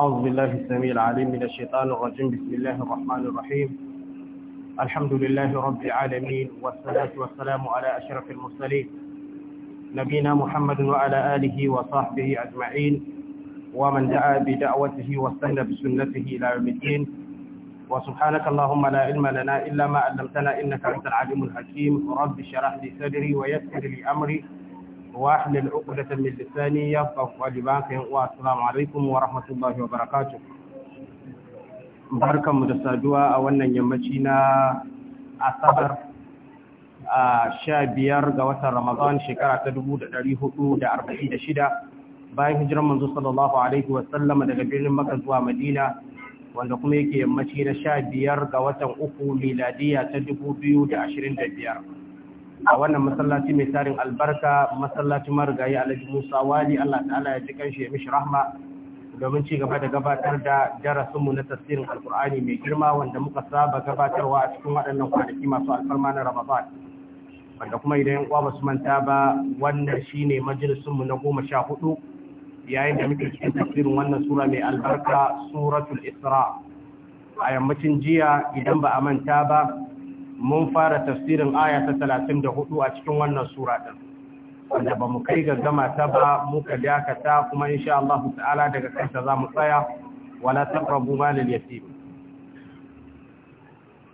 أعوذ بالله السميع العليم من الشيطان الرجيم بسم الله الرحمن الرحيم الحمد لله رب العالمين والصلاة والسلام على أشرف المرسلين نبينا محمد وعلى آله وصحبه أجمعين ومن دعا بدعوته واستهل بسنته إلى يوم الدين وسبحانك اللهم لا علم لنا إلا ما علمتنا إنك أنت العليم الحكيم رب اشرح لي صدري ويسر لي أمري واحلل عقدة من لساني يفقه قولي بانك والسلام عليكم ورحمة الله وبركاته barkan mu da saduwa a wannan yammaci na asabar a sha biyar ga watan ramadan shekara ta dubu da ɗari hudu da arba'in da shida bayan hijiran manzo sallallahu alaihi sallama daga birnin maka zuwa madina wanda kuma yake yammaci na sha biyar ga watan uku miladiya ta dubu biyu da ashirin da biyar a wannan masallaci mai tarin albarka masallacin marigayi alhaji musa wali allah ta'ala ya ji kanshi ya mishi rahma domin ci gaba da gabatar da darasinmu na tasirin alkur'ani mai girma wanda muka saba gabatarwa a cikin waɗannan kwanaki masu alfarma na ramadan wanda kuma idan yan uwa ba su manta ba wannan shine majalisunmu na goma sha hudu yayin da muke cikin tasirin wannan sura mai albarka suratul isra a yammacin jiya idan ba a manta ba mun fara tafsirin aya ta 34 a cikin wannan sura din wanda ba mu kai gama ta ba muka dakata kuma insha Allah ta'ala daga kanta za mu tsaya wala taqrabu mal al-yatim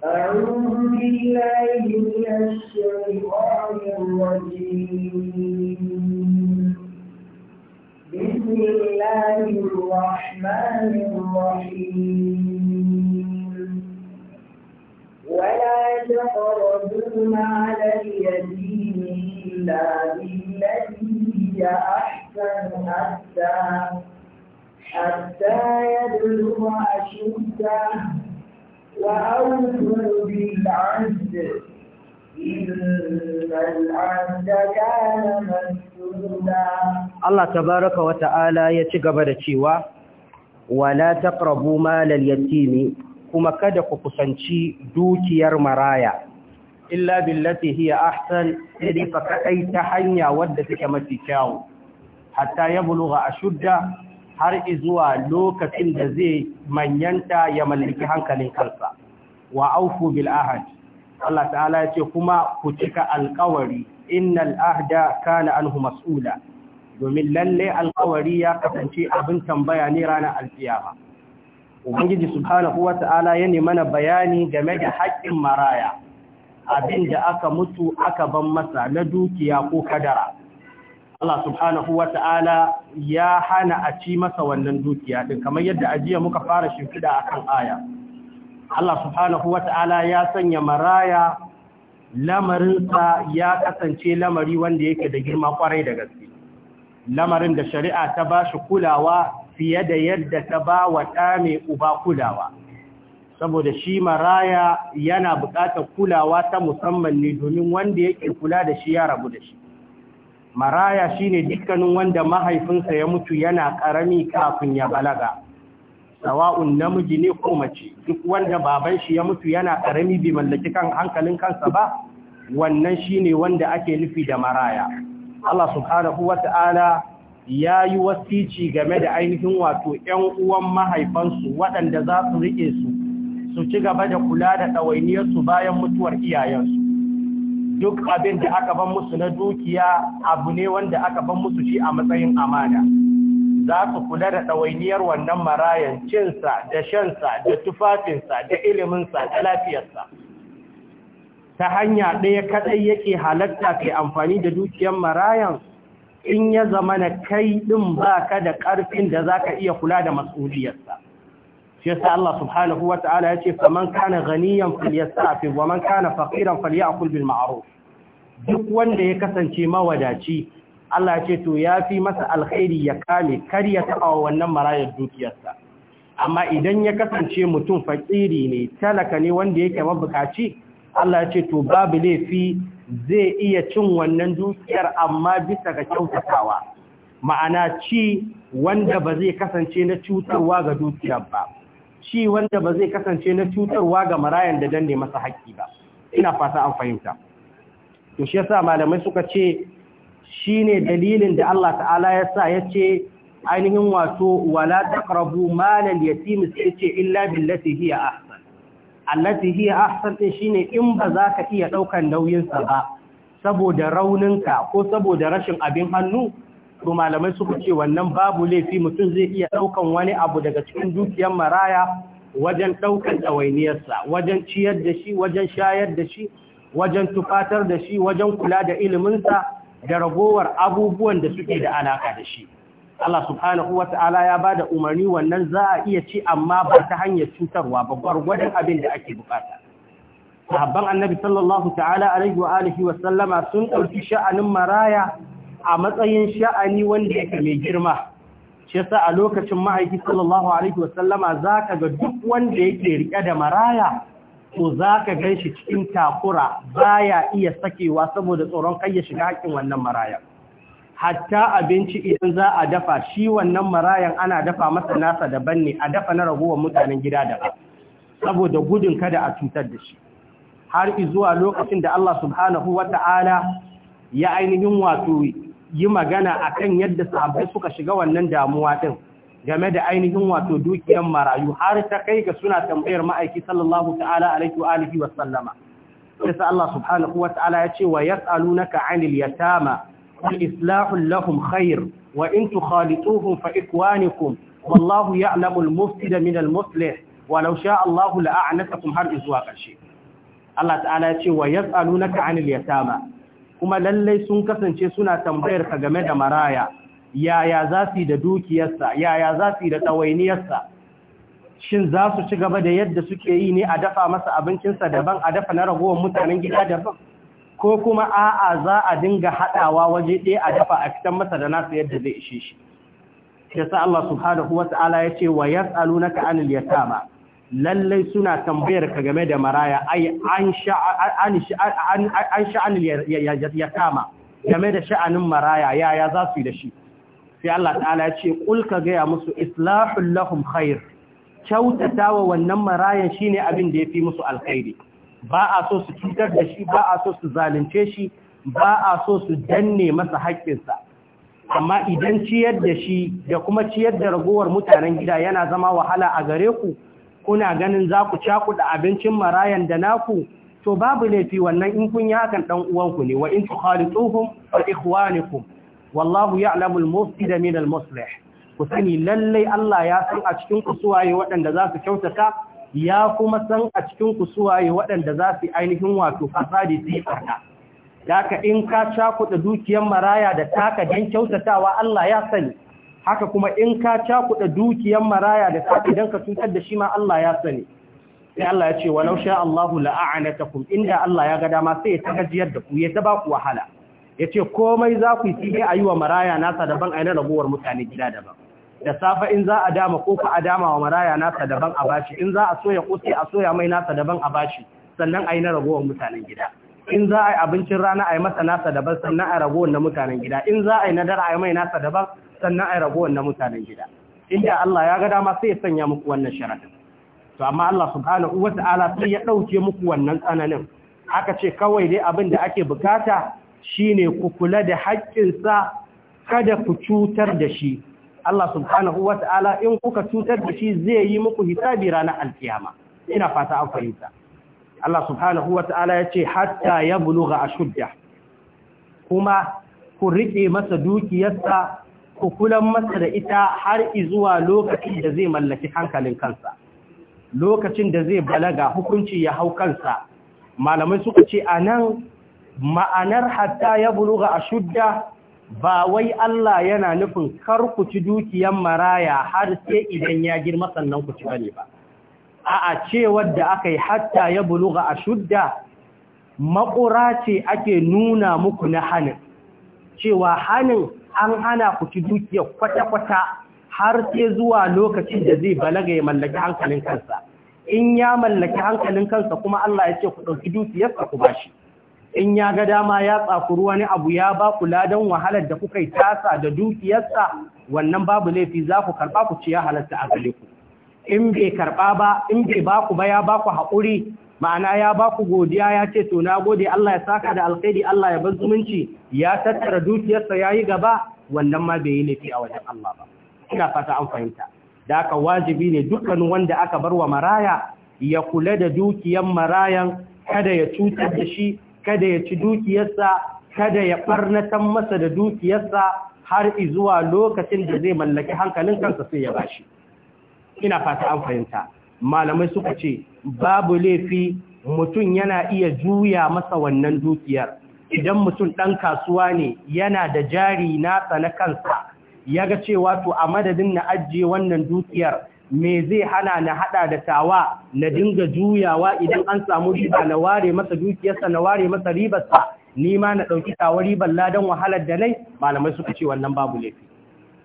أعوذ بالله من الشيطان الرجيم بسم الله الرحمن الرحيم ولا تقربوا مال اليتيم إلا بالتي هي أحسن حتى حتى يبلغ أشده وأوفوا بالعهد Allah tabaraka wa ta'ala ya ci gaba da cewa wala taqrabu malal yatimi kuma kada ku kusanci dukiyar maraya illa billati hiya ahsan sai fa kadai ta hanya wadda take mafi kyau hatta ya a ashudda har izuwa lokacin da zai manyanta ya mallaki hankalin kansa wa aufu bil ahad Allah ta'ala ya ce kuma ku cika alƙawari innal ahda kana anhu mas'ula domin lalle alƙawari ya kasance abin tambaya ne ranar alkiyama ubangiji subhanahu ta’ala ya mana bayani game da haƙƙin maraya abin da aka mutu aka ban masa na dukiya ko kadara Allah subhanahu ta’ala ya hana a ci masa wannan dukiya ɗin kamar yadda ajiya muka fara shimfida kan aya Allah subhanahu ta’ala ya sanya maraya lamarinsa ya kasance lamari wanda yake da girma kwarai da gaske lamarin da shari'a ta ba shi kulawa fiye da yadda ta ba wa ɗa mai uba kulawa saboda shi maraya yana buƙatar kulawa ta musamman ne domin wanda yake kula da shi ya rabu da shi maraya shine dukkanin wanda mahaifinsa ya mutu yana ƙarami kafin ya balaga sawa'un namiji ne ko mace duk wanda baban shi ya mutu yana ƙarami bai mallaki kan hankalin kansa ba wannan shine wanda ake nufi da maraya Allah subhanahu ta'ala ya yi wasici game da ainihin wato ‘yan uwan mahaifansu waɗanda za su riƙe su su ci gaba da kula da ɗawainiyarsu bayan mutuwar iyayensu duk abin da aka ban musu na dukiya abu ne wanda aka ban musu shi a matsayin amana za su kula da ɗawainiyar wannan marayan cinsa da shansa da tufafinsa da iliminsa da lafiyarsa ta hanya ɗaya kaɗai yake halatta kai amfani da dukiyar marayan in ya zama na kai ɗin ba ka da ƙarfin da za ka iya kula da mas'uliyarsa shi yasa Allah subhanahu wa ta'ala ya ce faman kana ganiyan falyastafin wa man kana faqiran falyakul bil ma'ruf duk wanda ya kasance mawadaci Allah ya ce to ya fi masa alkhairi ya kame kar ya taɓa wannan marayar dukiyarsa amma idan ya kasance mutum faƙiri ne talaka ne wanda yake mabukaci Allah ya ce to babu laifi zai iya cin wannan dukiyar amma bisa ga kyautatawa ma'ana ci wanda ba zai kasance na cutarwa ga dukiyar ba ci wanda ba zai kasance na cutarwa ga marayan da danne masa haƙƙi ba ina fata an fahimta to shi yasa malamai suka ce shine dalilin da Allah ta'ala ya sa ya ce ainihin wato wala taqrabu malal yatim sai ce illa billati hiya allati hiya ahsan din shine in ba za ka iya daukan nauyinsa ba saboda rauninka ko saboda rashin abin hannu to malamai suka ce wannan babu laifi mutum zai iya daukan wani abu daga cikin dukiyar maraya wajen daukan ɗawainiyarsa wajen ciyar da shi wajen shayar da shi wajen tufatar da shi wajen kula da iliminsa da ragowar abubuwan da suke da alaka da shi Allah subhanahu ta'ala ya bada umarni wannan za a iya ci amma ba ta hanyar cutarwa ba gwargwadon abin da ake bukata sahabban annabi sallallahu ta'ala wa alihi wa sun ɗauki sha'anin maraya a matsayin sha'ani wanda yake mai girma shi yasa a lokacin mahaifi sallallahu alaihi wa sallama zaka ga duk wanda yake riƙe da maraya to zaka shi cikin takura baya iya sakewa saboda tsoron kai ya shiga haƙƙin wannan maraya hatta abinci idan za a dafa shi wannan marayan ana dafa masa nasa daban ne a dafa na ragowar mutanen gida daban saboda gudun kada a cutar da shi har zuwa lokacin da Allah subhanahu wata'ala ya ainihin wato yi magana akan yadda sahabbai suka shiga wannan damuwa din game da ainihin wato dukiyar marayu har ta kai ga suna tambayar ma'aiki sallallahu ta'ala alaihi wa alihi wa sallama sai Allah subhanahu wata'ala ya ce wa yas'alunaka 'anil yatama Wa in والإصلاح لهم خير وإن تخالطوهم فإخوانكم والله يعلم المفسد من المصلح ولو شاء الله لأعنتكم هر إزواء الشيء Allah ta'ala ya ce wa yas'alunaka 'anil yatama kuma lallai sun kasance suna tambayar ka game da maraya yaya za su yi da dukiyarsa yaya za su yi da tsawainiyarsa shin za su ci gaba da yadda suke yi ne a dafa masa abincinsa daban a dafa na ragowar mutanen gida daban ko kuma a'a za a dinga haɗawa waje ɗaya a dafa a fitan masa da nasu yadda zai ishe shi yasa Allah subhanahu wata'ala ya ce wa ka'anil ya yatama lallai suna tambayar ka game da maraya an sha'anil yatama game da sha'anin maraya yaya za su yi da shi sai Allah ta'ala ya ce ƙulka gaya musu islahun lahum khair kyautatawa wannan marayan shine abin da ya fi musu alkhairi ba a so su cutar da shi ba a so su zalunce shi ba a so su danne masa haƙƙinsa amma idan ciyar da shi da kuma ciyar da ragowar mutanen gida yana zama wahala a gare ku kuna ganin za ku cakuɗa abincin marayan da naku to babu laifi wannan in kun yi hakan ɗan uwanku ne wa in tukhalituhum wa ikhwanikum wallahu ya'lamu al-mufsid min al-muslih ku sani lallai Allah ya san a cikin kusuwaye suwaye waɗanda za su kyautata ya kuma san a cikin ku waɗanda za su ainihin wato fasadi su yi barna daga in ka cakuɗa dukiyar maraya da taka don kyautatawa Allah ya sani haka kuma in ka cakuɗa dukiyar maraya da taka don ka cutar da shi ma Allah ya sani sai Allah ya ce "wa sha Allahu la'anatakum inda Allah ya ga dama sai ya tagajiyar da ku ya ta ba ku wahala yace komai za ku yi a yi wa maraya nasa daban yi na rabuwar mutane gida daban da safa in za a dama ko ka a dama wa maraya nasa daban a bashi in za a soya kuti a soya mai nasa daban a bashi sannan a yi na ragowar mutanen gida in za a yi abincin rana a yi masa nasa daban sannan a yi ragowar na mutanen gida in za a yi nadara a yi mai nasa daban sannan a yi ragowar na mutanen gida inda Allah ya ga dama sai ya sanya muku wannan sharadin to amma Allah subhanahu wata'ala sai ya dauke muku wannan tsananin aka ce kawai dai abin da ake bukata shine ku kula da haƙƙinsa kada ku cutar da shi Allah subhanahu wa ta'ala in kuka cutar da shi zai yi muku hisabi ranar alkiyama ina fata an fahimta Allah subhanahu wa ta'ala ya ce hatta ya buluga a shudda kuma ku riƙe masa dukiyarsa ku kulan masa da ita har izuwa lokacin da zai mallaki hankalin kansa lokacin da zai balaga hukunci ya hau kansa malamai suka ce a nan ma'anar hatta ya buluga a shudda ba wai Allah yana nufin kar ku ci dukiyan maraya har sai idan ya girma sannan ku ci bane ba a'a cewar da aka yi hatta ya buluga a shudda makura ce ake nuna muku na hanin cewa hanin an hana ku ci dukiya kwata-kwata har sai zuwa lokacin da zai balaga ya mallaki hankalin kansa in ya mallaki hankalin kansa kuma Allah ya ce ku ɗauki dukiyarsa ku bashi shi in ya ga dama ya ruwa wani abu ya ba kula ladan wahalar da kuka yi tasa da dukiyarsa wannan babu laifi za ku karɓa ku ci ya halatta a gare ku in bai karɓa ba in bai ba ku ba ya ba ku haƙuri ma'ana ya ba ku godiya ya ce to na gode Allah ya saka da alkhairi Allah ya bar zumunci ya tattara dukiyarsa ya yi gaba wannan ma bai yi laifi a wajen Allah ba ina fata an fahimta da aka wajibi ne dukkan wanda aka bar wa maraya ya kula da dukiyar marayan kada ya cutar da shi kada ya ci dukiyarsa kada ya ɓarnatan masa da dukiyarsa har zuwa lokacin da zai mallaki hankalin kansa sai ya bashi ina fata an fahimta malamai suka ce babu laifi mutum yana iya juya masa wannan dukiyar idan mutum ɗan kasuwa ne yana da jari nasa na kansa ya ga cewa to a madadin na ajiye wannan dukiyar me zai hana na hada da tawa na dinga juyawa idan an samu riba na ware masa dukiyarsa na ware masa ribarsa ni ma na dauki tawa ribar ladan wahalar da nai malamai suka ce wannan babu laifi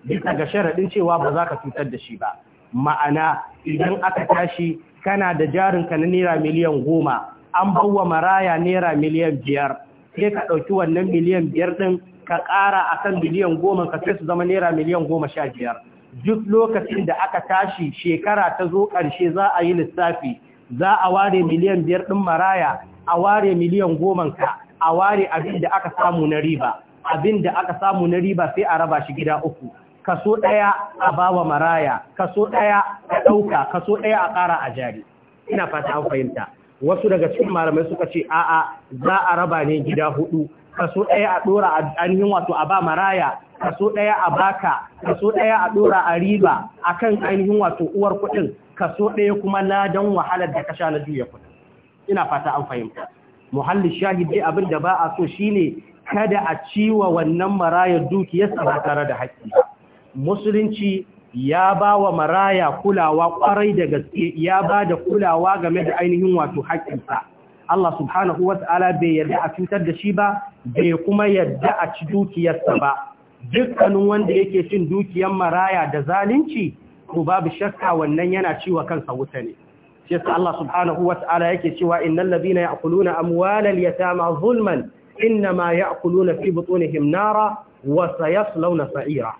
bisa ga sharadin cewa ba za ka cutar da shi ba ma'ana idan aka tashi kana da jarin ka na naira miliyan goma an bawa maraya naira miliyan biyar sai ka dauki wannan miliyan biyar din ka ƙara akan miliyan goma ka sai su zama naira miliyan goma sha biyar duk lokacin da aka tashi shekara ta zo ƙarshe za a yi lissafi za a ware miliyan biyar ɗin maraya a ware miliyan goman ka a ware abin da aka samu na riba abin da aka samu na riba sai a raba shi gida uku kaso ɗaya a bawa maraya kaso ɗaya a ɗauka kaso ɗaya a ƙara a jari ina fata an fahimta wasu daga cikin malamai suka ce a'a za a raba ne gida hudu kaso ɗaya a ɗora a ainihin wato a ba maraya kaso ɗaya a baka kaso ɗaya a ɗora a riba a kan ainihin wato uwar kuɗin kaso ɗaya kuma na don wahalar da ka sha na juya kuɗi ina fata an fahimta muhalli shahidi abin da ba a so shine kada a ciwa wannan marayar dukiyarsa ba tare da haƙƙi musulunci ya ba wa maraya kulawa kwarai da gaske ya ba da kulawa game da ainihin wato haƙƙinsa. Allah subhanahu wa ta'ala bai yarda a cutar da shi ba, bai kuma yarda a ci dukiyarsa ba. dukkanin wanda yake cin dukiyar maraya da zalunci ko babu shakka wannan yana ciwa kansa wuta ne shi yasa Allah subhanahu wata'ala yake cewa innal ladina ya'kuluna amwalal yatama zulman innama ya'kuluna fi butunihim nara wa sayaslawna sa'ira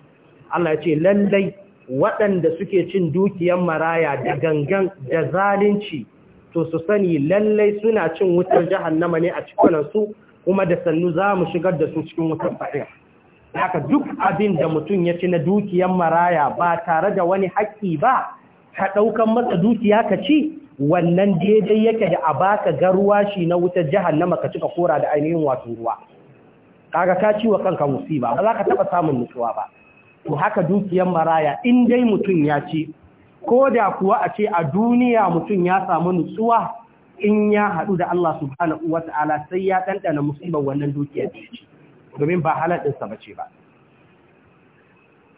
Allah yace lallai waɗanda suke cin dukiyar maraya da gangan da zalunci to su sani lallai suna cin wutar jahannama ne a cikin su kuma da sannu za mu shigar da su cikin wutar sa'ira haka duk abin da mutum ya ci na dukiyar maraya ba tare da wani haƙƙi ba ka ɗaukan masa dukiya ka ci wannan daidai yake da a baka garuwa shi na wutar jahannama ka cika kora da ainihin wato ruwa kaga ka ci wa kanka musiba ba za ka taɓa samun nutsuwa ba to haka dukiyar maraya in dai mutum ya ci ko da kuwa a ce a duniya mutum ya samu nutsuwa in ya haɗu da Allah subhanahu wa ta'ala sai ya ɗanɗana musibar wannan dukiyar da ya ci domin ba halaɗinsa ba ce ba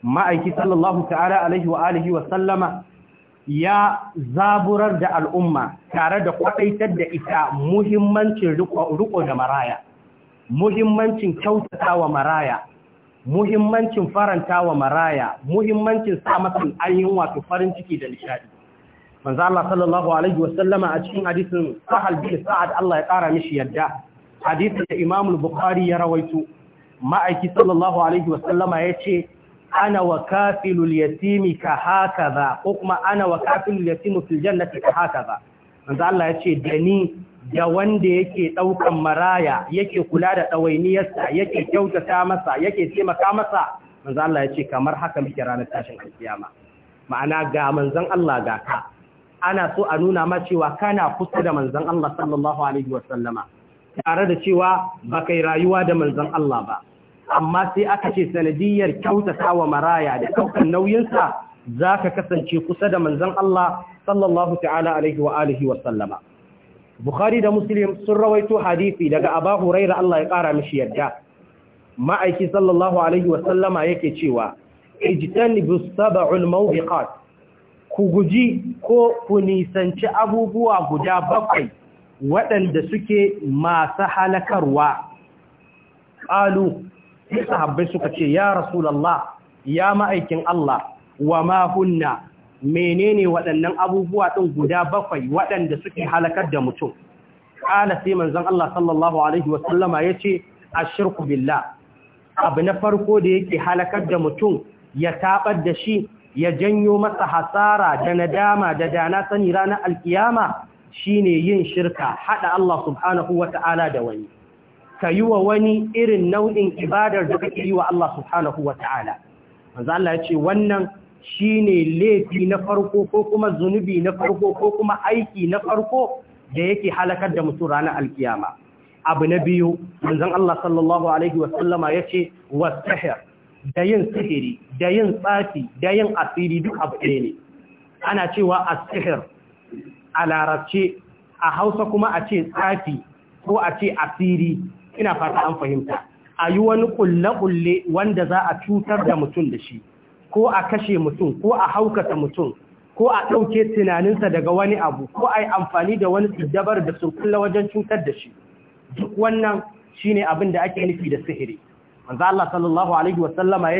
ma'aiki sallallahu ta'ala alaihi wa alihi wa sallama ya zaburar da al'umma tare da kwaɗaitar da ita muhimmancin riko da maraya muhimmancin kyautata wa maraya muhimmancin faranta wa maraya muhimmancin sa masa wato farin ciki da nishadi manzo Allah sallallahu alaihi wa sallama a cikin hadisin Sahal bin Sa'ad Allah ya kara mishi yadda hadisin da Imam bukhari ya rawaito ma'aiki sallallahu alaihi wasallama ya ce ana wa kafilul yatimi ka haka za ko kuma ana wa kafilul yatimu fil jannati ka haka za manzo Allah ya ce da ni da wanda yake daukan maraya yake kula da dawainiyarsa yake kyautata masa yake taimaka masa manzo Allah ya ce kamar haka muke ranar tashin kiyama ma'ana ga manzon Allah ga ka ana so a nuna ma cewa kana kusa da manzon Allah sallallahu alaihi wasallama tare da cewa ba kai rayuwa da manzon Allah ba amma sai aka ce sanadiyar kyautata wa maraya da ɗaukar nauyinsa za ka kasance kusa da manzon Allah sallallahu ta'ala alaihi wa alihi wa sallama Bukhari da Muslim sun rawaito hadisi daga Aba Huraira Allah ya ƙara mishi yadda ma'aiki sallallahu alaihi wa sallama yake cewa ijtanibu sab'ul mawhiqat ku guji ko ku nisanci abubuwa guda bakwai waɗanda suke masu halakarwa ƙalu sai sahabbai suka ce ya rasulallah ya ma'aikin Allah wa mahunna. menene waɗannan abubuwa ɗin guda bakwai waɗanda suke halakar da mutum ƙala sai manzon Allah sallallahu alaihi wa sallama yace ashirku billah abu na farko da yake halakar da mutum ya taɓar da shi ya janyo masa hasara da nadama da dana sani ranar alkiyama shine yin shirka hada Allah subhanahu wata'ala da wani ka yi wa wani irin nau'in ibadar da kake yi wa Allah subhanahu wata'ala manzo Allah ya ce wannan shine laifi na farko ko kuma zunubi na farko ko kuma aiki na farko da yake halakar da mutum ranar alkiyama abu na biyu manzo Allah sallallahu alaihi wasallama yace wasahir da yin sihiri da yin tsafi da yin asiri duk abu ne ana cewa sihir. a larabce a hausa kuma a ce tsafi ko a ce asiri ina fata an fahimta a yi wani kulle-kulle wanda za a cutar da mutum da shi ko a kashe mutum ko a haukata mutum ko a ɗauke tunaninsa daga wani abu ko a yi amfani da wani tsidabar da surkulla wajen cutar da shi duk wannan shi ne abin da ake nufi da sihiri manzo Allah sallallahu alaihi wasallama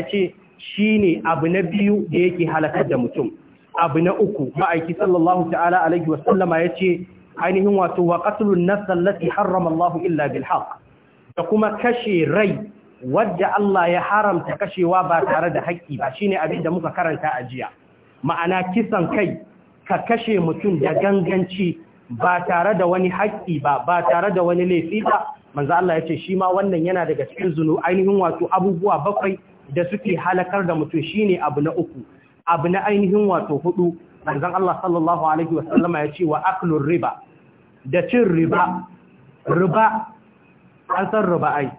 shi ne abu na biyu da yake halakar da mutum abu na uku ma'aiki sallallahu ta'ala alaihi wa sallama yace ainihin wato wa qatlun nafs allati harrama illa bil haqq da kuma kashe rai wadda Allah ya haramta kashewa ba tare da haƙƙi ba shine abin da muka karanta a jiya ma'ana kisan kai ka kashe mutum da ganganci ba tare da wani haƙƙi ba ba tare da wani laifi ba manzo Allah ce shi ma wannan yana daga cikin zunu ainihin wato abubuwa bakwai da suke halakar da mutum shine abu na uku abu na ainihin wato hudu manzon Allah sallallahu alaihi wasallama ya ce wa aklun riba da cin riba riba an san riba ai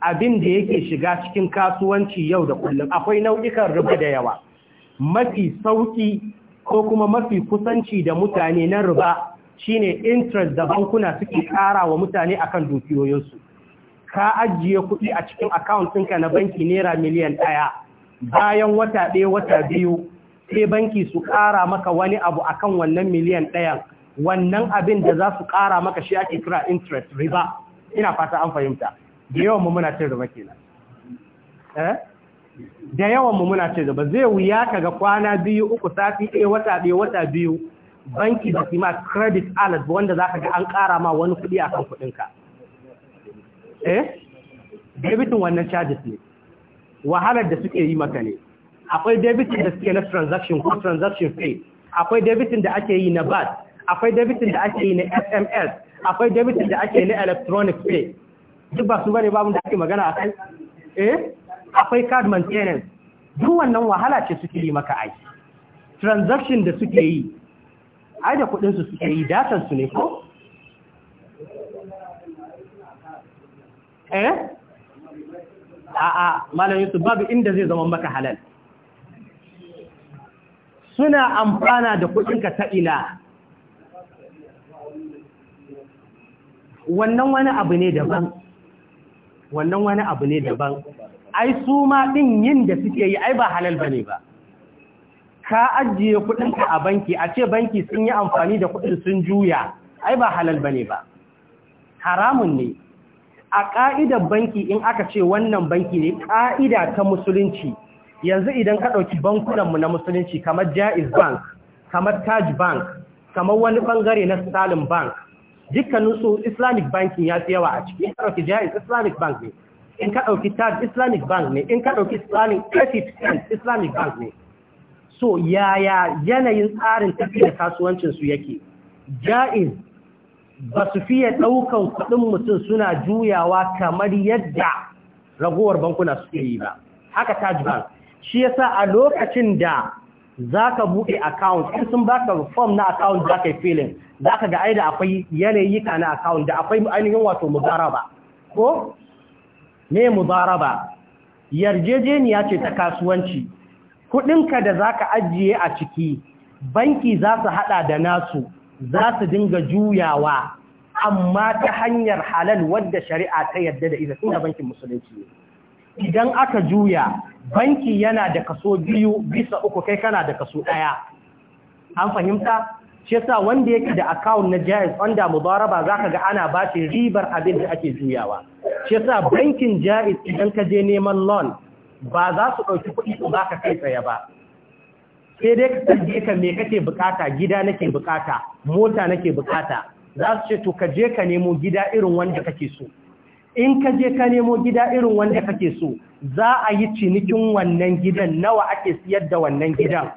abin da yake shiga cikin kasuwanci yau da kullum akwai nau'ikan riba da yawa mafi sauki ko kuma mafi kusanci da mutane na riba shine interest da bankuna suke kara wa mutane akan dukiyoyinsu ka ajiye kuɗi a cikin akawuntinka na banki naira miliyan ɗaya bayan wata ɗaya wata biyu sai banki su ƙara maka wani abu akan wannan miliyan ɗayan wannan abin da za su ƙara maka shi ake kira interest riba ina fata an fahimta da yawan mu muna cin riba kenan eh? da yawan mu muna cin riba zai wuya kaga kwana biyu uku sati ɗaya wata ɗaya wata biyu banki ba su ma credit alert ba wanda za ka ga an ƙara ma wani kuɗi akan kuɗinka eh debitin wannan charges ne wahalar da suke yi maka ne akwai debitin da suke na transaction ko transaction fee akwai debitin da ake yi na bat akwai debitin da ake yi na sms akwai debitin da ake yi na electronic fee duk ba su bane babu da ake magana a kai eh akwai card maintenance duk wannan wahala ce suke yi maka ai transaction da suke yi ai da kudin su suke yi datan su ne ko eh a'a malam Yusuf babu inda zai zama maka halal suna amfana da kuɗinka ta ina wannan wani abu ne daban wannan wani abu ne daban ai su ma din yin da suke yi ai ba halal bane ba ka ajiye kuɗinka a banki a ce banki sun yi amfani da kuɗin sun juya ai ba halal bane ba haramun ne a ƙa'idar banki in aka ce wannan banki ne ƙa'ida ta musulunci yanzu idan ka ɗauki bankunanmu na musulunci kamar jaiz bank kamar taj bank kamar wani ɓangare na stalin bank su islamic bankin ya fi yawa a ciki in ka ɗauki jaiz islamic bank ne in ka ɗauki taj islamic bank ne in ka ɗauki stalin 30% islamic bank ne so yaya yanayin tsarin tafiya kasuwancinsu yake jaiz ba su fiye ɗaukan kuɗin mutum suna juyawa kamar yadda ragowar bankuna suke yi ba haka taj bank shi yasa a lokacin da za ka buɗe account in sun baka form na account za ka yi filin za ka ga aida akwai yanayi ka na account da akwai ainihin wato mudaraba ko me mudaraba yarjejeniya ce ta kasuwanci kuɗinka da za ka ajiye a ciki banki za su haɗa da nasu za su dinga juyawa amma ta hanyar halal wadda shari'a ta yadda da ita suna bankin musulunci idan aka juya banki yana da kaso biyu bisa uku kai kana da kaso ɗaya an fahimta shi sa wanda yake da account na Jaiz wanda mubaraba ka ga ana ba shi ribar abin da ake juyawa shi sa bankin Jaiz idan ka je neman loan ba za su ɗauki kuɗi su ka kai tsaye ba sai dai ka sanje ka me kake bukata gida nake bukata mota nake bukata za su ce to ka je ka nemo gida irin wanda kake so in ka je ka nemo gida irin wanda kake so za a yi cinikin wannan gidan nawa ake siyar da wannan gidan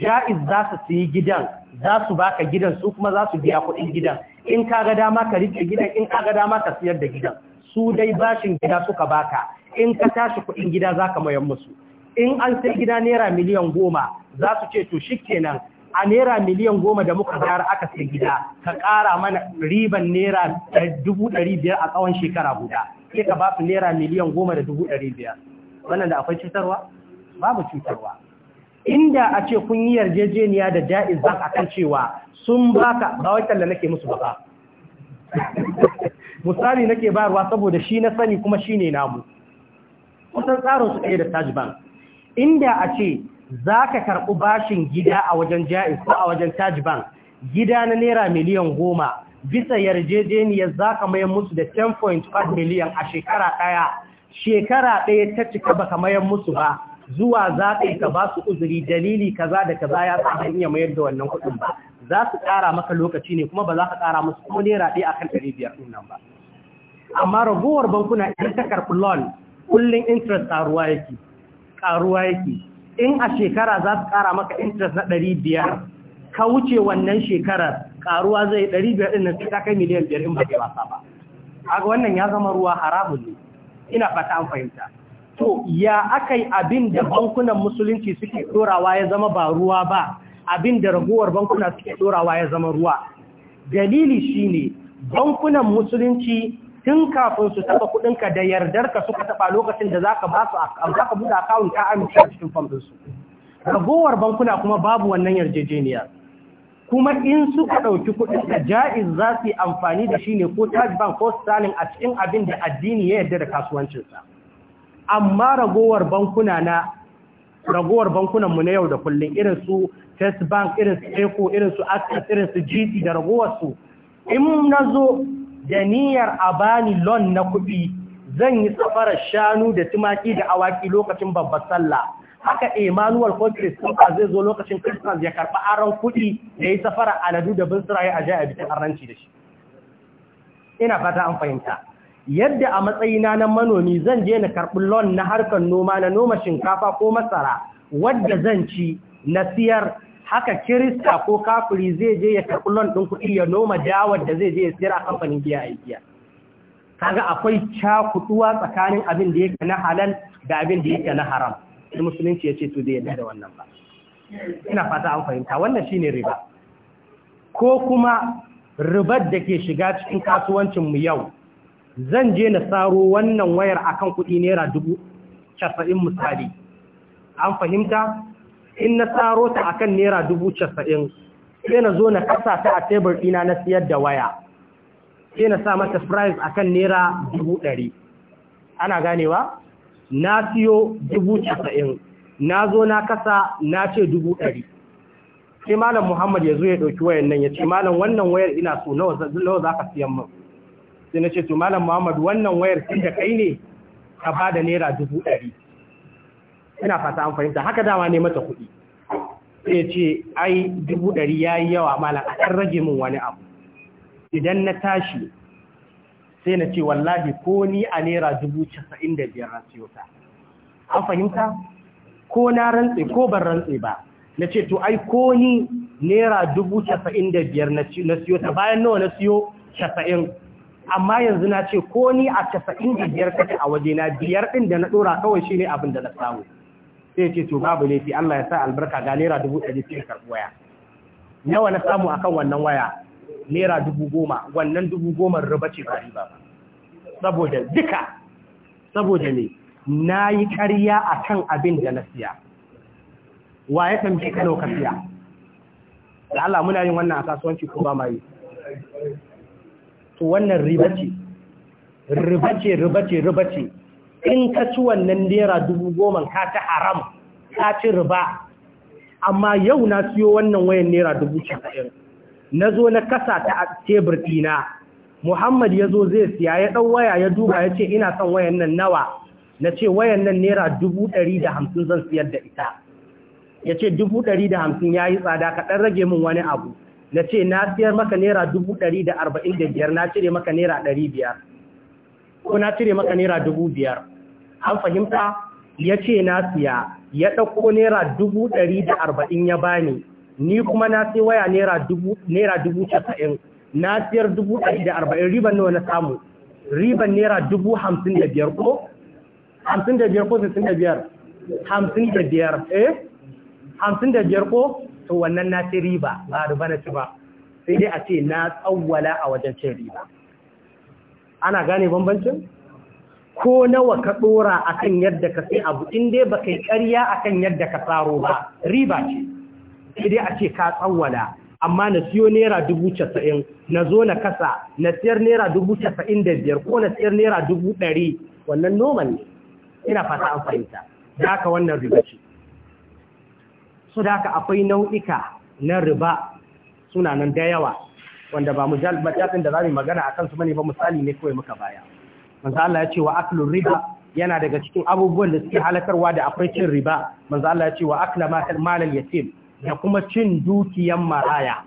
ja'iz za su siyi gidan za su baka gidan su kuma za su biya kuɗin gidan in ka ga dama ka rike gidan in ka ga dama ka siyar da gidan su dai bashin gida suka baka in ka tashi kuɗin gida za ka mayar musu in an sai gida naira miliyan goma za su ce to shi kenan a naira miliyan goma da muka bayar aka sai gida ka kara mana riban naira dubu ɗari biyar a tsawon shekara guda sai ka ba su naira miliyan goma da dubu ɗari biyar wannan da akwai cutarwa babu cutarwa inda a ce kun yi yarjejeniya da ja'iz a akan cewa sun baka ba wai talla nake musu ba misali nake barwa saboda shi na sani kuma shi ne namu kusan tsarin su ɗaya da Taj Bank inda a ce za ka karɓi bashin gida a wajen jaiz ko a wajen tajiban gida na naira miliyan goma bisa yarjejeniyar za ka mayan musu da 10.5 miliyan a shekara ɗaya shekara ɗaya ta cika ba ka mayan musu ba zuwa za ka yi ka ba su uzuri dalili kaza da kaza ya sa iya mayar da wannan kuɗin ba za su ƙara maka lokaci ne kuma ba za ka ƙara musu kuma naira ɗaya akan ɗari biyar ɗin nan ba amma ragowar bankuna idan ta karɓi loan kullum interest a ruwa yake ƙaruwa yake in a shekara za su ƙara maka interest na ɗari ka wuce wannan shekarar ƙaruwa zai ɗari biyar ɗin nan ta kai miliyan biyar in ba ke wasa ba aga wannan ya zama ruwa haramun ne ina fata an fahimta to ya aka yi abin da bankunan musulunci suke ɗorawa ya zama ba ruwa ba abin da raguwar bankuna suke ɗorawa ya zama ruwa dalili shine bankunan musulunci tun kafin su taba ka da yardarka suka taba lokacin da zaka ba su za ka buɗe akawun ka amince a cikin fam ragowar bankuna kuma babu wannan yarjejeniya kuma in suka ɗauki kuɗin da ja'iz za su yi amfani da shi ne ko taj bank ko sterling a cikin abin da addini ya yarda da kasuwancinsa amma ragowar bankuna na ragowar mu na yau da kullum irin su test bank irin su eco irin su access irin su da ragowar su in na zo da niyyar a bani lon na kuɗi zan yi safarar shanu da tumaki da awaki lokacin babbar sallah haka Emmanuel ko Christopher zai zo lokacin Christmas ya karɓi aron kuɗi da ya safarar aladu da sirayi a jaya bikin aranci da shi. Ina fata an fahimta. Yadda a matsayina na manomi zan je na karɓi lon na harkar noma na noma shinkafa ko masara wadda zan ci na siyar haka kirista ko kafiri zai je ya karɓi lon ɗin kuɗi ya noma jawar da zai je ya sayar a kamfanin giya a biya kaga akwai cakuɗuwa tsakanin abin da yake na halal da abin da yake na haram sai musulunci ya ce to zai yarda da wannan ba ina fata an fahimta wannan shine riba ko kuma ribar da ke shiga cikin kasuwancin mu yau zan je na saro wannan wayar akan kuɗi naira dubu casa'in misali an fahimta in na tsaro ta akan naira dubu casa'in sai na zo na kasa ta a tebur ɗina na siyar da waya sai na sa mata price akan naira dubu ɗari ana ganewa na siyo dubu casa'in na zo na kasa na ce dubu ɗari sai malam muhammad ya zo ya ɗauki wayan nan ya ce malam wannan wayar ina so nawa za ka siyan min sai na ce to malam muhammad wannan wayar sai da kai ne ka ba da naira dubu ɗari ina fata an fahimta haka dama ne mata kuɗi sai ce ai dubu ɗari ya yi yawa malam a ɗan rage min wani abu idan na tashi sai na ce wallahi ko ni a naira dubu casa'in da biyar rasiyo ta an fahimta ko na rantse ko ban rantse ba na ce to ai ko ni naira dubu casa'in da biyar na siyo ta bayan nawa na siyo casa'in amma yanzu na ce ko ni a casa'in da biyar kake a waje na biyar ɗin da na ɗora kawai shi ne abin da na samu sai ce to babu laifi Allah ya sa albarka ga naira dubu ɗari sai karɓi waya nawa na samu akan wannan waya naira dubu goma wannan dubu goma riba ce ba riba ba saboda duka saboda ne na yi ƙarya a kan abin da na siya wa ya tamke ka ka siya da Allah muna yin wannan a kasuwanci ko ba ma yi to wannan riba ce riba ce riba ce riba ce in ka ci wannan naira dubu goma ka ta haram ka ci riba amma yau na siyo wannan wayan naira dubu casa'in na zo na kasa ta tebur ɗina muhammad ya zo zai siya ya ɗau waya ya duba ya ce ina son wayan nan nawa na ce wayan nan naira dubu ɗari da hamsin zan siyar da ita ya ce dubu ɗari da hamsin ya yi tsada ka ɗan rage min wani abu na ce na siyar maka naira dubu ɗari da arba'in da biyar na cire maka naira ɗari biyar ko na cire maka naira dubu biyar an fahimta ya ce na siya ya ɗauko naira dubu ɗari da arba'in ya bani ni kuma na sai waya naira dubu casa'in na siyar dubu ɗari da arba'in riban nawa na samu riban naira dubu hamsin da biyar ko hamsin da biyar ko sittin da biyar hamsin da biyar eh hamsin da biyar ko to wannan na ce riba ba riba na ci ba sai dai a ce na tsawwala a wajen cin riba ana gane bambancin ko nawa ka dora akan yadda ka sai abu in dai baka yi ƙarya akan yadda ka tsaro ba riba ce sai dai a ce ka tsawwala amma na siyo naira dubu casa'in na zo na kasa na siyar naira dubu casa'in da biyar ko na siyar naira dubu ɗari wannan normal ne ina fata an fahimta da haka wannan riba ce su da haka akwai nau'ika na riba suna nan da yawa wanda ba mu mujal matakin da zamu magana akan su bane ba misali ne kawai muka baya manzo Allah ya ce wa aklu riba yana daga cikin abubuwan da suke halakarwa da akwai cin riba manzo Allah ya ce wa akla malal yatim da kuma cin dukiyan maraya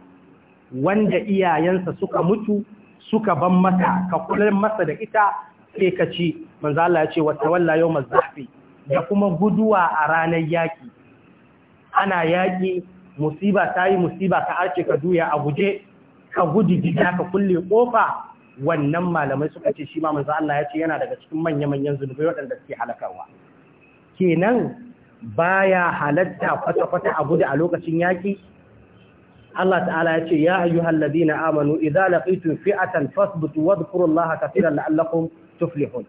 wanda iyayensa suka mutu suka ban masa ka kula masa da ita sai ka ci manzo Allah ya ce wa tawalla yawmaz zahfi da kuma guduwa a ranar yaki ana yaki musiba tayi musiba ka arce ka duya a guje ka gudu gida ka kulle kofa wannan malamai suka ce shi ma manzo Allah ya ce yana daga cikin manya-manyan zunubai waɗanda suke halakarwa kenan baya halatta kwata-kwata a gudu a lokacin yaki Allah ta'ala ya ce ya ayyuhal ladina amanu idza laqitu fi'atan fasbutu wadhkurullaha katiran la'allakum tuflihun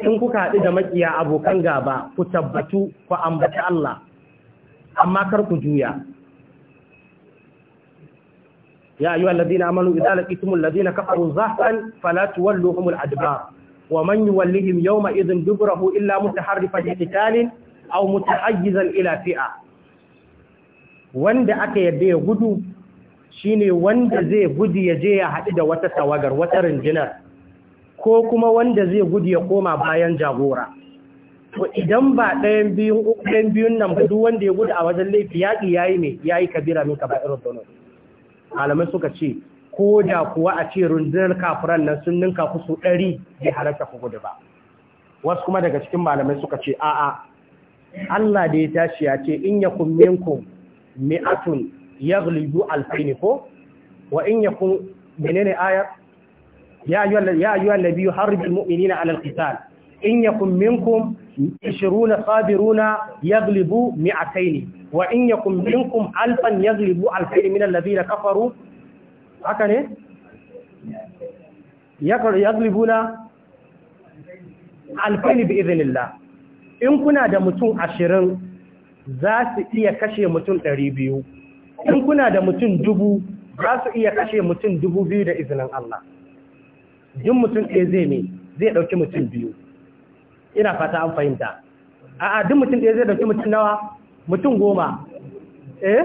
in kuka haɗu da makiya abokan gaba ku tabbatu ku ambaci Allah amma kar ku juya يا أيها الذين آمنوا إذا لقيتم الذين كفروا زهفا فلا تولوهم الأدبار ومن يولهم يومئذ دبره إلا متحرفا لقتال أو متحيزا إلى فئة wanda aka yadda ya gudu shine wanda zai gudu ya je ya haɗu da wata tawagar wata rinjinar ko kuma wanda zai gudu ya koma bayan jagora to idan ba ɗayan biyun nan ba duk wanda ya gudu a wajen laifi yaƙi yayi ne yayi kabira min kaba'irud malamai suka ce ko da kuwa a ce rundunar kafiran nan sun ninka ku su ɗari bai halarta ku gudu ba wasu kuma daga cikin malamai suka ce a'a Allah da ya tashi ya ce in yakun minkum mi'atun yaghlibu alfaini ko wa in yakun menene ayar ya ayyuhan nabiyyu harbil mu'minina 'ala al-qital in yakun minkum 20 sabiruna yaghlibu mi'ataini wa in yakum minkum alfan yaghlibu alfayn min alladhina kafaru haka ne yakar yaghlibuna alfaini bi idhnillah in kuna da mutum ashirin za su iya kashe mutum ɗari biyu in kuna da mutum dubu za su iya kashe mutum dubu biyu da izinin Allah din mutum ɗaya zai ne zai ɗauki mutum biyu ina fata an fahimta A'a din mutum ɗaya zai ɗauki mutum nawa mutum goma eh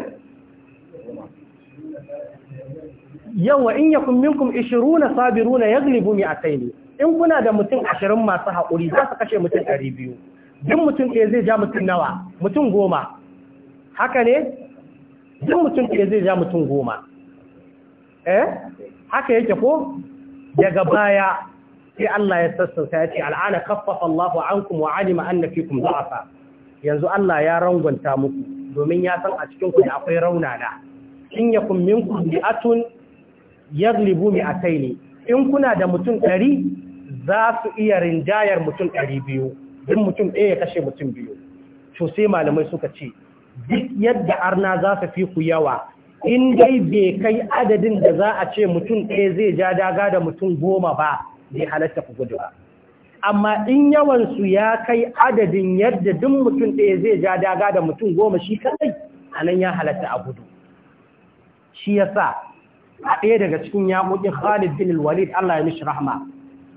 yawa in yakun minkum 20 sabiruna yaglibu mi'atayn in kuna da mutum 20 masu haƙuri za su kashe mutum 200 duk mutum ke zai ja mutum nawa mutum goma haka ne duk mutum ke zai ja mutum goma eh haka yake ko daga baya sai Allah ya sassauta ya ce al'ana kaffafa Allahu ankum wa alima anna fikum da'afa yanzu Allah ya rangwanta muku domin ya san a cikin ku akwai rauna da in yakun minkum atun yaglibu ataini in kuna da mutum ɗari za su iya rinjayar mutum ɗari biyu duk mutum ɗaya ya kashe mutum biyu to sai malamai suka ce duk yadda arna za su fi ku yawa in dai bai kai adadin da za a ce mutum ɗaya zai ja daga da mutum goma ba bai halatta ku gudu ba amma in yawansu ya kai adadin yadda duk mutum ɗaya zai ja daga da mutum goma shi kadai a nan ya halatta a gudu shi ya sa a ɗaya daga cikin yaƙoƙin khalid bin walid allah ya mishi rahama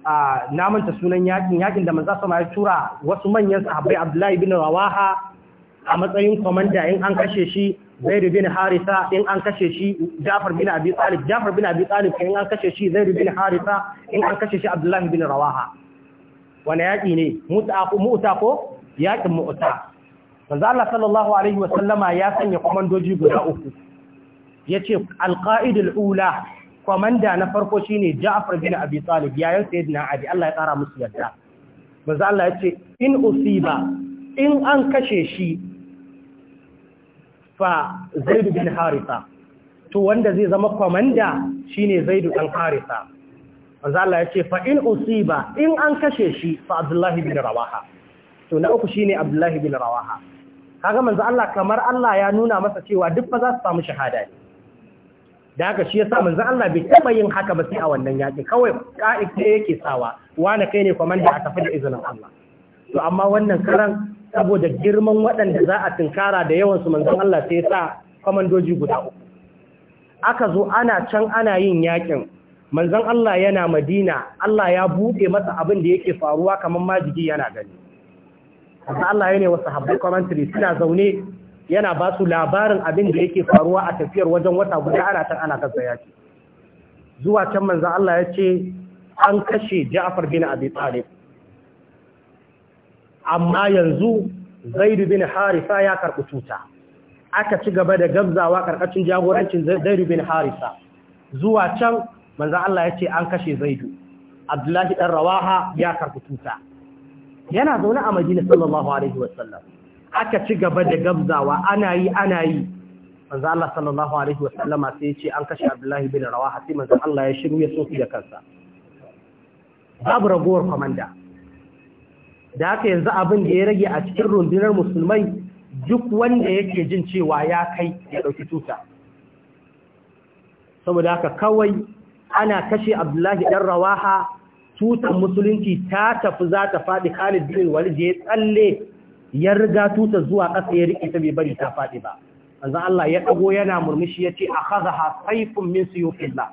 a namanta sunan yaƙin yaƙin da manzasa ma ya tura wasu manyan sahabbai abdullahi bin rawaha a matsayin kwamanda in an kashe shi zaidu bin harisa in an kashe shi jafar bin abi tsalif jafar bin abi tsalif in an kashe shi zaidu bin harisa in an kashe shi abdullahi bin rawaha wani yaƙi ne mu'uta ko yaƙin mu'uta manzo Allah sallallahu alaihi wasallama ya sanya komandoji guda uku yace alqaidul ula Kwamanda na farko shine Ja'far bin Abi Talib yayin sayyidina Ali Allah ya tsara musu yadda manzo Allah yace in usiba in an kashe shi fa Zaid bin Harisa? to wanda zai zama komanda shine zaidu dan Harisa. manzo Allah ya ce fa in usiba in an kashe shi fa Abdullahi bin Rawaha to na uku shine Abdullahi bin Rawaha kaga manzo Allah kamar Allah ya nuna masa cewa duk fa za su samu shahada ne da haka shi yasa manzo Allah bai taba yin haka ba sai a wannan yaki kawai qa'id sai yake sawa wani kai ne komanda a tafi da izinin Allah to amma wannan karan saboda girman waɗanda za a tinkara da yawan su manzon Allah sai ya sa komandoji guda uku aka zo ana can ana yin yakin manzon Allah yana Madina Allah ya buɗe masa abin da yake faruwa kamar majigi yana gani Asa Allah ya ne wasu habbai commentary suna zaune yana ba su labarin abin da yake faruwa a tafiyar wajen wata guda ana can ana kasa ce, zuwa can manzon Allah ya ce an kashe Ja'far bin Abi Talib amma yanzu Zaid bin Harisa ya karɓi tuta aka ci gaba da gabzawa karkashin jagorancin Zaid bin Harisa zuwa can manzan Allah ya ce an kashe zaidu abdullahi ɗan rawaha ya karɓi tuta yana zaune a madina sallallahu alaihi wasallam aka ci gaba da gabzawa ana yi ana yi manzan Allah sallallahu alaihi wasallam sai ya ce an kashe abdullahi bin rawaha sai manzan Allah ya shiru ya sofi da kansa babu ragowar kwamanda da haka yanzu abin da ya rage a cikin rundunar musulmai duk wanda yake jin cewa ya kai ya ɗauki tuta saboda haka kawai ana kashe abdullahi ɗan rawaha tutar musulunci ta tafi za ta faɗi khalid bin walid ya tsalle ya riga tutar zuwa ƙasa ya riƙe ta bai bari ta faɗi ba manzo Allah ya ɗago yana murmushi Ya yace ha sayfun min Ya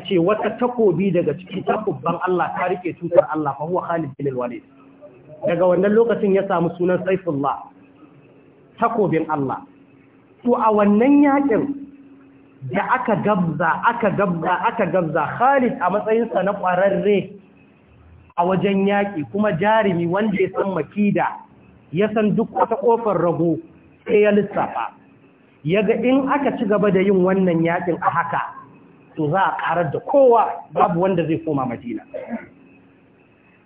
yace wata takobi daga cikin takubban Allah ta rike tutar Allah fa huwa Khalid bin Walid daga wannan lokacin ya samu sunan Saifullah takobin Allah to a wannan yakin da aka gabza aka gamza aka gamza Khalid a matsayinsa na ƙwararre a wajen yaƙi kuma jarumi wanda ya san makida ya san duk wata ƙofar rago sai ya lissafa yaga in aka ci gaba da yin wannan yakin a haka to za a ƙarar da kowa babu wanda zai koma madina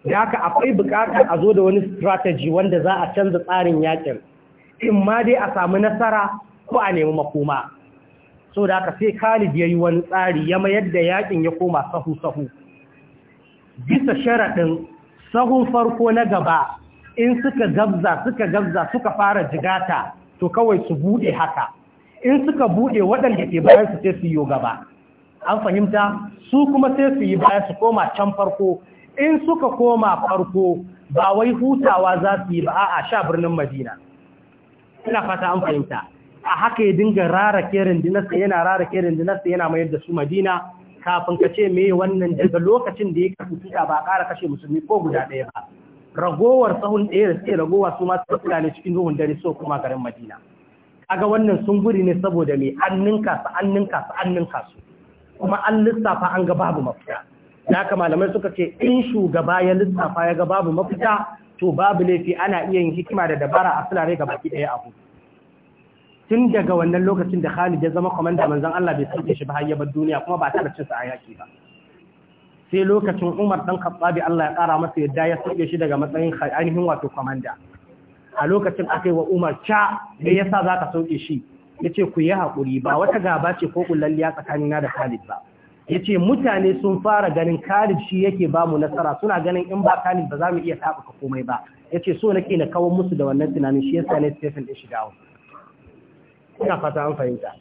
da haka akwai buƙatar a zo da wani strategy wanda za a canza tsarin yaƙin in ma dai a samu nasara ko a nemi makoma so da aka sai Khalid ya yi wani tsari ya mayar da yakin ya koma sahu-sahu bisa sharaɗin sahun farko na gaba in suka gabza suka gabza suka fara jigata to kawai su buɗe haka in suka buɗe waɗanda ke bayan su sai su yi gaba an fahimta su kuma sai su yi bayan su koma can farko in suka koma farko ba wai hutawa za su yi ba a sha birnin madina ina fata an fahimta a haka ya dinga rara kerin dinasta, yana rara kerin dinasta, yana mayar da su madina kafin ka ce me wannan daga lokacin da ya kafi tuta ba kara kashe musulmi ko guda ɗaya ba ragowar sahun ɗaya da suke ragowa su masu tafiya ne cikin duhun dare so kuma garin madina kaga wannan sun guri ne saboda me an ninka su an ninka su an ninka su kuma an lissafa an ga babu mafita da haka malamai suka ce in shugaba ya lissafa ya ga babu mafita to babu laifi ana iya yin hikima da dabara a sulare gaba baki ɗaya hudu. tun daga wannan lokacin da Khalid ya zama komanda manzon Allah bai sauke shi ba har ya bar duniya kuma ba tare cin sa a yaki ba sai lokacin Umar dan Khattabi Allah ya kara masa yadda ya sauke shi daga matsayin ainihin wato komanda a lokacin akai wa Umar cha me yasa zaka sauke shi yace ku yi hakuri ba wata gaba ce ko kullalliya tsakanina da Khalid ba yace mutane sun fara ganin Khalid shi yake ba mu nasara suna ganin in ba Khalid ba za mu iya tabuka komai ba yace so nake na kawo musu da wannan tunanin shi yasa ne Stephen ya shiga ina fata an fahimta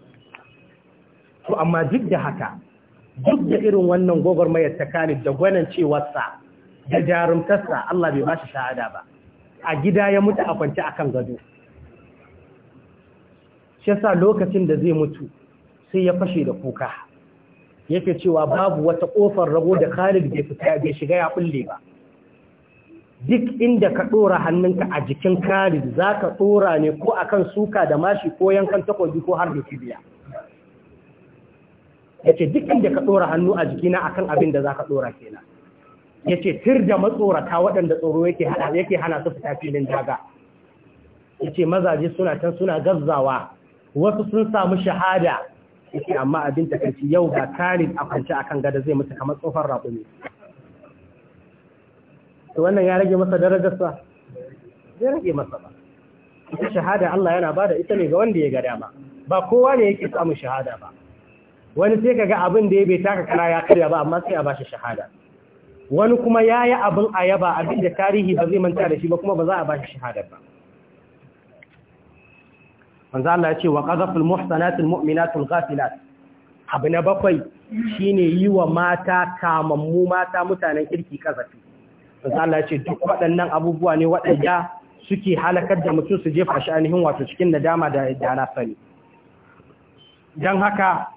to amma duk da haka duk da irin wannan gwagwarmayar ta kane da gwanin cewarsa da jarumtarsa Allah bai bashi shahada ba a gida ya mutu a kwance akan gado shi yasa lokacin da zai mutu sai ya fashe da kuka yake cewa babu wata kofar rago da Khalid bai fita bai shiga ya kulle ba duk inda ka ɗora hannunka a jikin kari za ka ɗora ne ko akan suka da mashi ko yankan takobi ko har da kibiya ya ce duk inda ka ɗora hannu a jikina a kan abin da za ka ɗora kenan ya ce tir da matsorata waɗanda tsoro yake hana su fita filin daga ya ce mazaje suna can suna gazzawa wasu sun samu shahada ya ce amma abin takarci yau ga kari a kwance kan gada zai mutu kamar tsofar raƙumi to wannan ya rage masa darajarsa ya rage masa ba ita shahada Allah yana ba da ita ne ga wanda ya ga dama ba kowa ne yake samun shahada ba wani sai kaga abin da ya bai taka kana ya karya ba amma sai a bashi shahada wani kuma yayi abin ayaba abin da tarihi ba zai manta da shi ba kuma ba za a bashi shahada ba manzo Allah ya ce wa qadhaful muhsanatil mu'minatul ghafilat abu na bakwai shine yi wa mata kamammu mata mutanen kirki kazafi Masu Allah ce duk waɗannan abubuwa ne waɗanda suke halakar da mutum su jefa shi ainihin wato cikin nadama da dana sani. Don haka,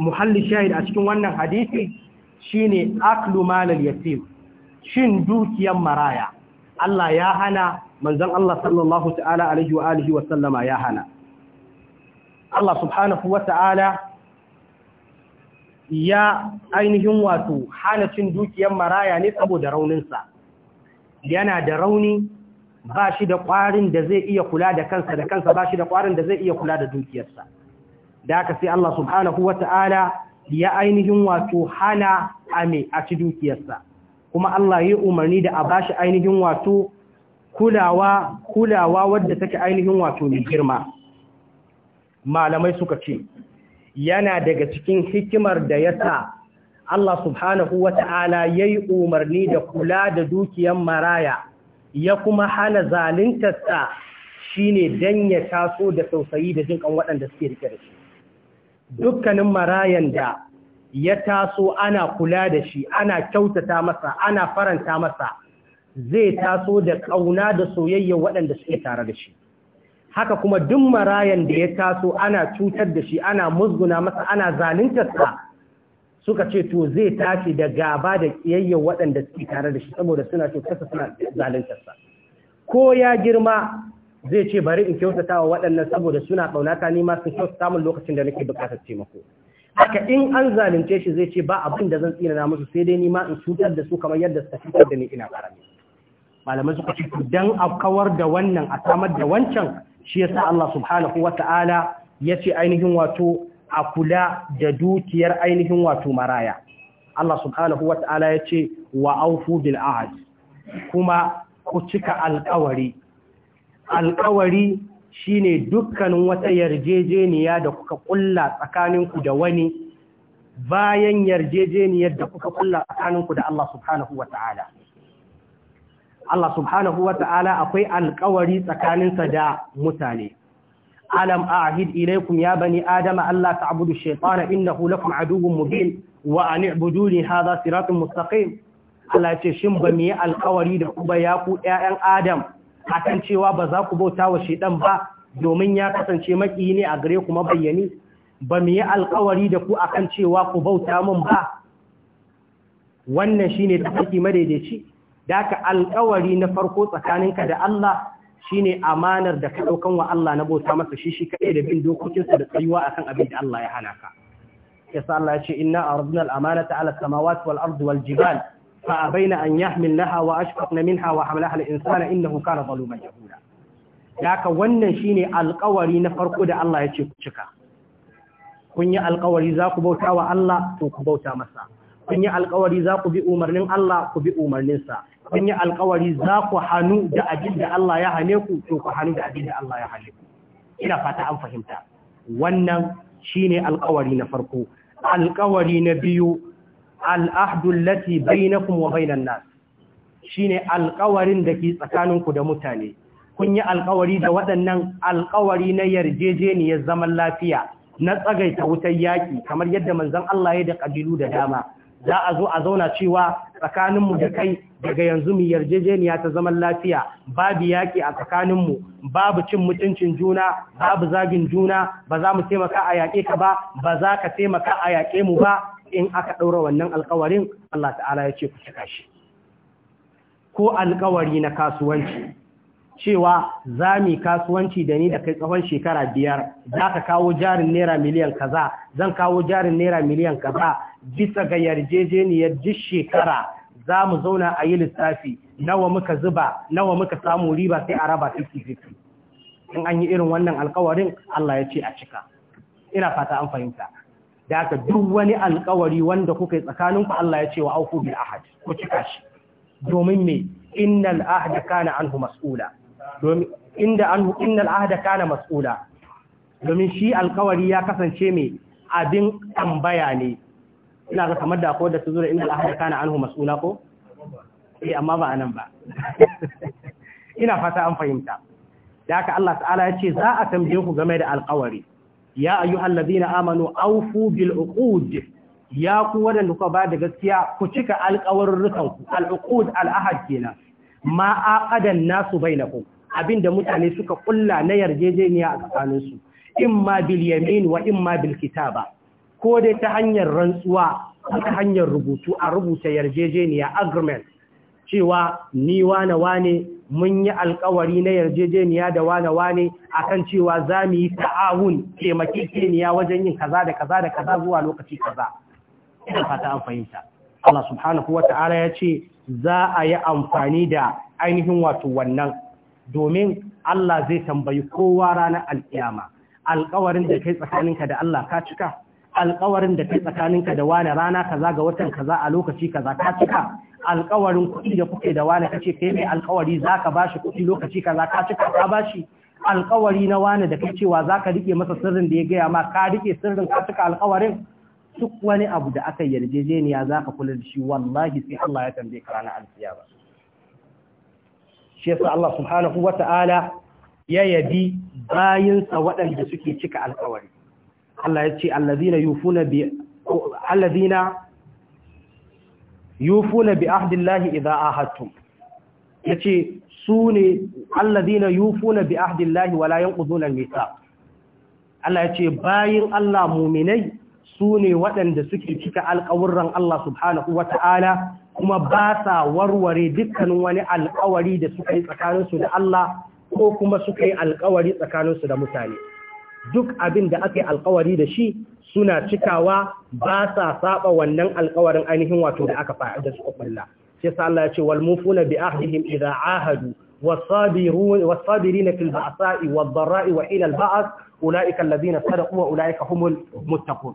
muhalli shahid a cikin wannan hadisi shine aklu malal yatim shin dukiyar maraya Allah ya hana manzon Allah sallallahu ta'ala alaihi wa alihi wa sallama ya hana Allah subhanahu wa ta'ala ya ainihin wato hana cin dukiyar maraya ne saboda rauninsa yana da rauni ba shi da ƙwarin da zai iya kula da kansa da kansa ba shi da ƙwarin da zai iya kula da dukiyarsa da aka sai Allah subhanahu wa ta'ala ya ainihin wato hana ame a ci dukiyarsa kuma Allah ya umarni da a ba shi ainihin wato kulawa kulawa wadda take ainihin wato mai girma malamai suka ce yana daga cikin hikimar da ya sa Allah subhanahu wa ta'ala ya yi umarni da kula da dukiyan maraya ya kuma hana zalintarsa shi ne don ya taso da tausayi da jinkan waɗanda suke rike da shi. Dukkanin marayan da ya taso ana kula da shi, ana kyautata masa, ana faranta masa, zai taso da ƙauna da soyayya waɗanda suke tare da shi. haka kuma duk marayan da ya taso ana cutar da shi ana musguna masa ana zaluntarsa suka ce to zai tashi da gaba da kiyayya waɗanda suke tare da shi saboda suna so kasa suna zaluntarsa ko ya girma zai ce bari in kyautata wa waɗannan saboda suna ƙaunata ni ma sun kyautata min lokacin da nake buƙatar taimako haka in an zalunce shi zai ce ba abin da zan tsina musu sai dai ni ma in cutar da su kamar yadda suka cutar da ni ina karami malamai suka ce dan a kawar da wannan a samar da wancan shi sa Allah subhanahu ya yace ainihin wato a kula da dukiyar ainihin wato maraya Allah subhanahu ya ce wa aufu bil ahad kuma ku cika alƙawari alƙawari shine dukkanin wata yarjejeniya da kuka kulla tsakaninku da wani bayan yarjejeniyar da kuka kulla tsakaninku da Allah subhanahu wata'ala Allah subhanahu wa ta'ala akwai alkawari tsakaninsa da mutane. Alam ahid ilaikum ya bani Adama Allah ta'budu shaytana innahu lakum aduwwun mubin wa an ibuduni hadha siratun mustaqim. Allah ce shin ba mu yi alkawari da ku ba ya ku ƴaƴan Adam akan cewa ba za ku bauta wa shaiɗan ba domin ya kasance maki ne a gare ku mabayyani ba mu yi alkawari da ku akan cewa ku bauta mun ba wannan shine tafarki madaidaici daka alkawari na farko tsakaninka da Allah shine amanar da ka ɗaukan wa Allah na bauta masa shi shi kaɗai da bin dokokinsa da tsayuwa akan abin da Allah ya hana ka yasa Allah ya ce inna aradna al-amanata ala samawati wal ardi wal jibal fa abaina an yahmilnaha wa ashfaqna minha wa hamalaha al-insana innahu kana zaluman jahula daka wannan shine alkawari na farko da Allah ya ce ku cika kun yi alkawari za ku bauta wa Allah to ku bauta masa kun yi alkawari za ku bi umarnin Allah ku bi umarninsa kun yi alkawari za ku hannu da abin da Allah ya hane ku to ku hannu da abin da Allah ya hane ku ina fata an fahimta wannan shine alkawari na farko alkawari na biyu al'ahdu allati bainakum wa bainan nas shine alkawarin da ke tsakaninku da mutane kun yi alkawari da waɗannan alkawari na yarjejeniyar zaman lafiya na tsagaita wutar yaƙi kamar yadda manzon Allah ya da ƙabilu da dama za a zo a zauna cewa tsakaninmu da kai daga yanzu mu yarjejeniya ta zaman lafiya babu yaƙi a tsakaninmu babu cin mutuncin juna babu zagin juna ba za mu taimaka a yaƙe ka ba ba za ka taimaka a yaƙe mu ba in aka ɗaura wannan alkawarin Allah ta'ala ya ce ku cika shi ko alkawari na kasuwanci cewa za mu kasuwanci da ni da kai tsawon shekara biyar za ka kawo jarin naira miliyan kaza zan kawo jarin naira miliyan kaza bisa ga yarjejeniyar duk shekara za mu zauna a yi lissafi nawa muka zuba nawa muka samu riba sai a raba 50-50 in an yi irin wannan alkawarin Allah ya ce a cika ina fata an fahimta da haka duk wani alkawari wanda kuka yi ku Allah ya ce wa auku bil ahad ku cika shi domin me innal ahda kana anhu mas'ula domin inda an innal ahda kana mas'ula domin shi alkawari ya kasance mai abin tambaya ne ina ga kamar da ko da su zura innal ahda kana anhu mas'ula ko eh amma ba anan ba ina fata an fahimta da haka Allah ta'ala ya ce za a tambaye ku game da alkawari ya ayyuhal ladina amanu awfu bil uqud ya ku wadanda kuka ba da gaskiya ku cika alkawarrukan ku al uqud al ahad kenan ma aqadan nasu bainakum abin da mutane suka kulla na yarjejeniya a tsakaninsu imma bil yamin wa in ma bil kitaba ko dai ta hanyar rantsuwa ta hanyar rubutu a rubuta yarjejeniya agreement cewa ni wane wane mun yi alkawari na yarjejeniya da wane wane akan cewa za mu yi ta'awun taimakekeniya wajen yin kaza da kaza da kaza zuwa lokaci kaza ina fata an fahimta Allah subhanahu wa ta'ala ya ce za a yi amfani da ainihin wato wannan domin Allah zai tambayi kowa ranar al'iyama. Alƙawarin da kai tsakaninka da Allah ka cika Alƙawarin da kai tsakaninka da wani rana kaza ga watan kaza a lokaci za ka cika Alƙawarin kuɗi da kuke da wani kace kai mai alƙawari ka ba bashi kuɗi lokaci za ka cika ka bashi alkawari na wani da kai cewa za ka riƙe masa sirrin da ya gaya ma ka riƙe sirrin ka cika alƙawarin? duk wani abu da aka yarjejeniya za ka kula da shi wallahi sai Allah ya tambaye ka ranar alƙiyama. shi yasa Allah subhanahu wata'ala ya yabi bayinsa waɗanda suke cika alkawari Allah ya ce allazina yufuna bi allazina yufuna bi ahdillahi idza ahadtum yace su ne allazina yufuna bi ahdillahi wala yanquduna al-mithaq Allah ya ce bayin Allah muminai sune waɗanda suke cika alƙawurran Allah subhanahu wa ta'ala kuma ba sa warware dukkanin wani alkawari da suka yi tsakaninsu da Allah ko kuma suka yi alkawari tsakaninsu da mutane duk abin da aka yi alkawari da shi suna cikawa ba sa saba wannan alkawarin ainihin wato da aka faɗa da suka kulla sai sa Allah ya ce wal mufuna bi ahdihim idza ahadu والصابرون والصابرين في البأساء والضراء وحين البأس أولئك الذين صدقوا وأولئك هم المتقون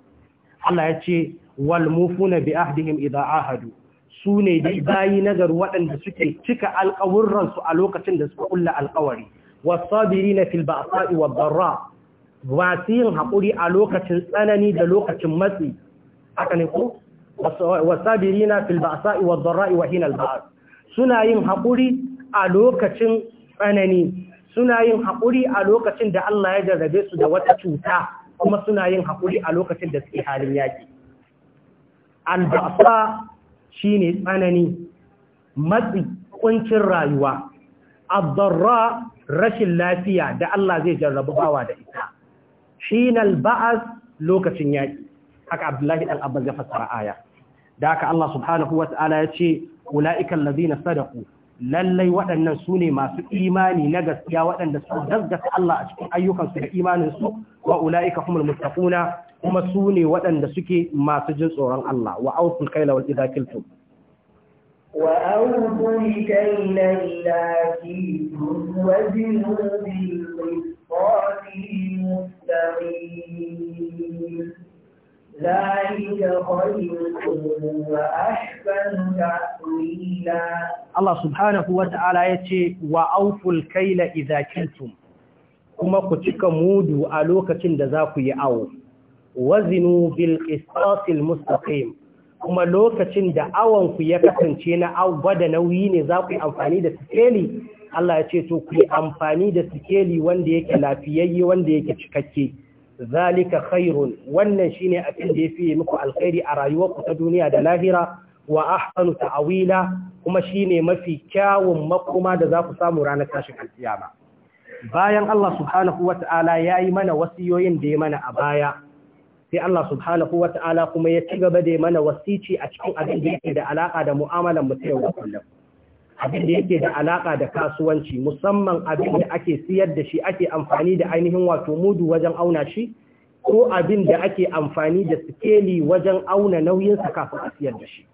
الله يتشي والموفون بأهدهم إذا عاهدوا su ne dai bayi nazar waɗanda suke cika alƙawurransu a lokacin da suka ƙulla alƙawari wasabiri na filba'asa'i wa barra masu yin haƙuri a lokacin tsanani da lokacin matsi aka ne ko wasabiri na filba'asa'i wa barra'i wa hinal ba'as suna yin haƙuri a lokacin tsanani suna yin haƙuri a lokacin da Allah ya jarrabe su da wata cuta kuma suna yin haƙuri a lokacin da suke halin yaƙi al shine tsanani matsi ƙuncin rayuwa abdarra rashin lafiya da Allah zai jarrabu bawa da ita shinal ba'as lokacin yaki haka Abdullahi dan ya fasa aya da haka Allah subhanahu wata'ala ya ce ulaiikal ladina Sadaku, lallai waɗannan su ne masu imani na gaskiya waɗanda su gaggata Allah a cikin ayyukansu da imaninsu wa ula'ika humul mustaquna kuma su ne waɗanda suke masu jin tsoron Allah wa autul kaila wal idza kiltum wa autul kaila ila kiltum wa zinu bil qisati mustaqim ذلك خير وأحسن تأويلا الله سبحانه وتعالى يتي وأوفوا الكيل إذا كلتم kuma ku cika mudu a lokacin da za ku yi awo wazinu bil qistasil mustaqim kuma lokacin da awon ku ya kasance na da nauyi ne za ku yi amfani da sikeli Allah ya ce to ku yi amfani da sikeli wanda yake lafiyayye wanda yake cikakke zalika khairun wannan shine abin da yafi muku alkhairi a rayuwarku ta duniya da lahira wa ahsanu ta'wila kuma shine mafi kyawun makoma da za ku samu ranar tashin alkiyama bayan Allah subhanahu wata'ala yayi mana wasiyoyin da ya mana a baya sai Allah subhanahu wa ta'ala kuma ya ci gaba da mana wasici a cikin abin da yake da alaka da mu'amalar mu yau da kullum abin da yake da alaka da kasuwanci musamman abin da ake siyar da shi ake amfani da ainihin wato mudu wajen auna shi ko abin da ake amfani da sikeli wajen auna nauyinsa kafin a siyar da shi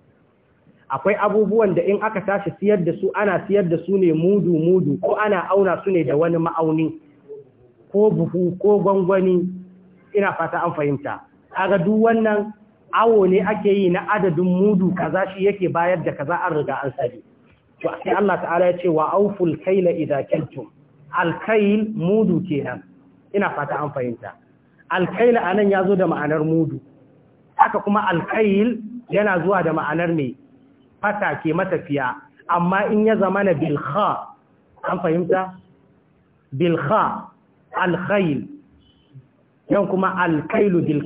akwai abubuwan da in aka tashi siyar da su ana siyar da su ne mudu-mudu ko ana auna su ne da wani ma'auni ko buhu ko gwangwani ina fata an fahimta kaga duk wannan awo ne ake yi na adadin mudu kaza shi yake bayar da kaza an riga an sani to sai Allah ta'ala ya ce wa auful kaila idza kaltum alkail mudu kenan ina fata an fahimta alkail anan yazo da ma'anar mudu haka kuma alkail yana zuwa da ma'anar me fata ke matafiya amma in ya zama na bilha an fahimta bilha alkhail yan kuma alkailu bil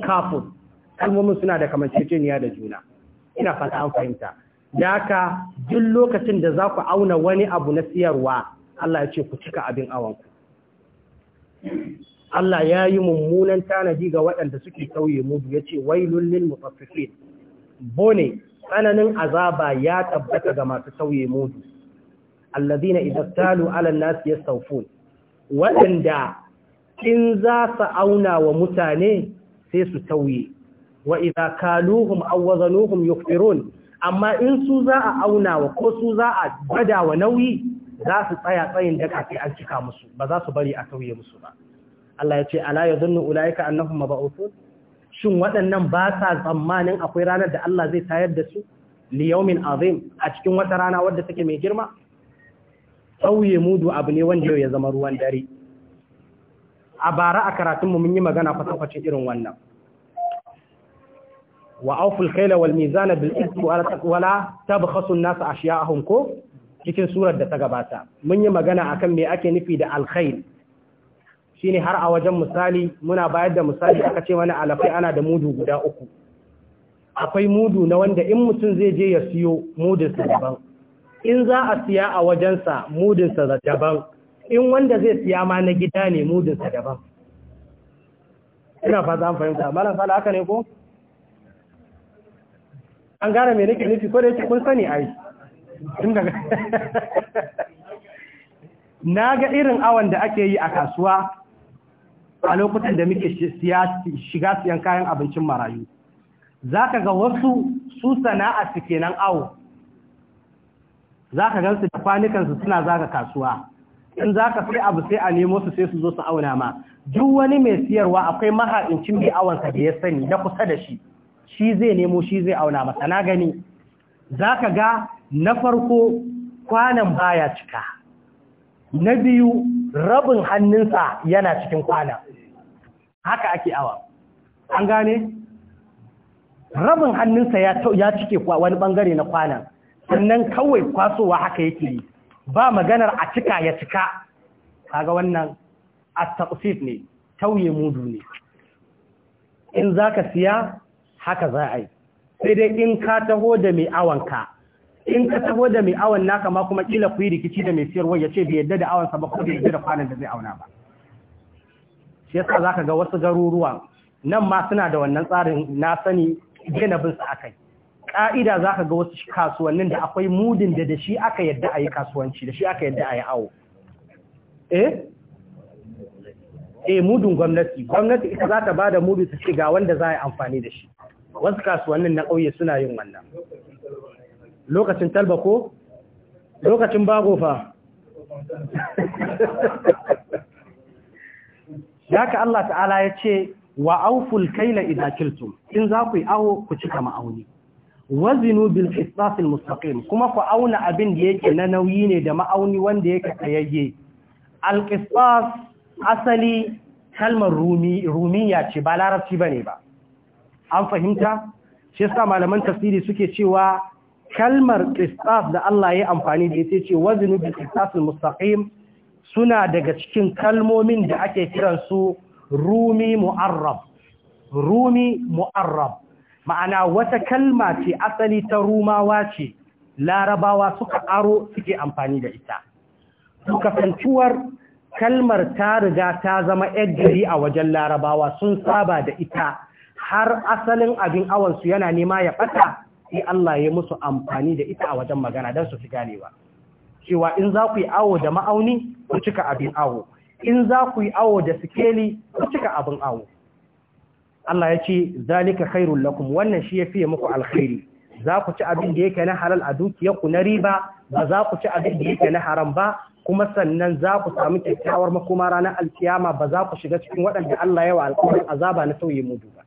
kalmomin suna da kamanceceniya da juna ina fata an fahimta da haka duk lokacin da za ku auna wani abu na siyarwa Allah ya ce ku cika abin awanku Allah ya yi mummunan tanadi ga waɗanda suke sauye mudu ya ce Wai lil mutaffifin bone tsananin azaba ya tabbata ga masu sauye mudu allazina idza talu ala an-nas yastawfun waɗanda in za su auna wa mutane sai su tauye wa idza kaluhum aw wazanuhum amma in su za a auna wa ko su za a gwada wa nauyi za su tsaya tsayin da sai an cika musu ba za su bari a tauye musu ba Allah ya ce ala yadhunnu ulaika annahum mab'uthun shin waɗannan ba sa tsammanin akwai ranar da Allah zai tayar da su li yawmin azim a cikin wata rana wadda take mai girma tauye mudu abu ne wanda yau ya zama ruwan dare a bara a karatunmu mun yi magana fasafacin irin wannan wa auful khaila wal mizana bil la wala tabkhasu an-nas ashiya'ahum ko cikin surar da ta gabata mun yi magana akan me ake nufi da alkhail shine har a wajen misali muna bayar da misali aka ce mana alafai ana da mudu guda uku akwai mudu na wanda in mutum zai je ya siyo mudinsa daban in za a siya a wajensa mudinsa daban in wanda zai siya ma na gida ne mudinsa daban ina fata an fahimta malam sala haka ne ko an gara mai nake nufi ko da yake kun sani ai na ga irin awon da ake yi a kasuwa a lokutan da muke shiga siyan kayan abincin marayu za ka ga wasu su sana'a su kenan awo za ka su da kwanukansu suna zaga kasuwa in za ka sai abu sai a nemo su sai su zo su auna ma duk wani mai siyarwa akwai mahaɗincin mai sa da ya sani na kusa da shi shi zai nemo shi zai auna masa na gani za ka ga na farko kwanan baya cika na biyu rabin hannunsa yana cikin kwana haka ake awa an gane rabin hannunsa ya cike wani bangare na kwanan sannan kawai kwasowa haka yake yi ba maganar a cika ya cika kaga wannan at-taqsif ne tauye mudu ne in zaka siya haka za a yi sai dai in ka taho da mai awanka in ka taho da mai awon naka ma kuma kila ku yi rikici da mai siyarwa ya ce bai yadda da sa ba ko bai yadda da kwanan da zai auna ba shi yasa zaka ga wasu garuruwa nan ma suna da wannan tsarin na sani gina bin su akai ka'ida za ka ga wasu kasuwannin da akwai mudin da da shi aka yadda a yi kasuwanci da shi aka yadda a yi awo eh eh mudin gwamnati gwamnati ita za ta ba da mudin ta ce ga wanda za a yi amfani da shi wasu kasuwannin na ƙauye suna yin wannan lokacin talba ko lokacin bago fa ka Allah ta'ala ya ce wa auful kaila idza kiltum in za ku yi awo ku cika ma'auni wazinu bil qisas al mustaqim kuma ku auna abin da yake na nauyi ne da ma'auni wanda yake kayayye al qisas asali kalmar rumi rumiya ce ba larabci bane ba an fahimta shi yasa malaman tafsiri suke cewa kalmar qisas da Allah ya amfani da ita ce wazinu bil qisas al mustaqim suna daga cikin kalmomin da ake kiransu rumi mu'arrab rumi mu'arrab ma'ana wata kalma ce asali ta rumawa ce larabawa suka aro suke amfani da ita kasantuwar kalmar ta riga ta zama yar a wajen larabawa sun saba da ita har asalin abin awansu yana nema ya ɓata sai Allah ya musu amfani da ita a wajen magana don su fi ganewa cewa in za ku yi awo da ma'auni ku cika abin awo in za ku yi awo da sikeli ku cika abin awo Allah ya ce zalika khairul lakum wannan shi ya fiye muku alkhairi za ku ci abin da yake na halal a dukiyarku na riba ba za ku ci abin da yake na haram ba kuma sannan za ku samu kyakkyawar makoma ranar alkiyama ba za ku shiga cikin waɗanda Allah yawa alƙawarin azaba na sauye mudu ba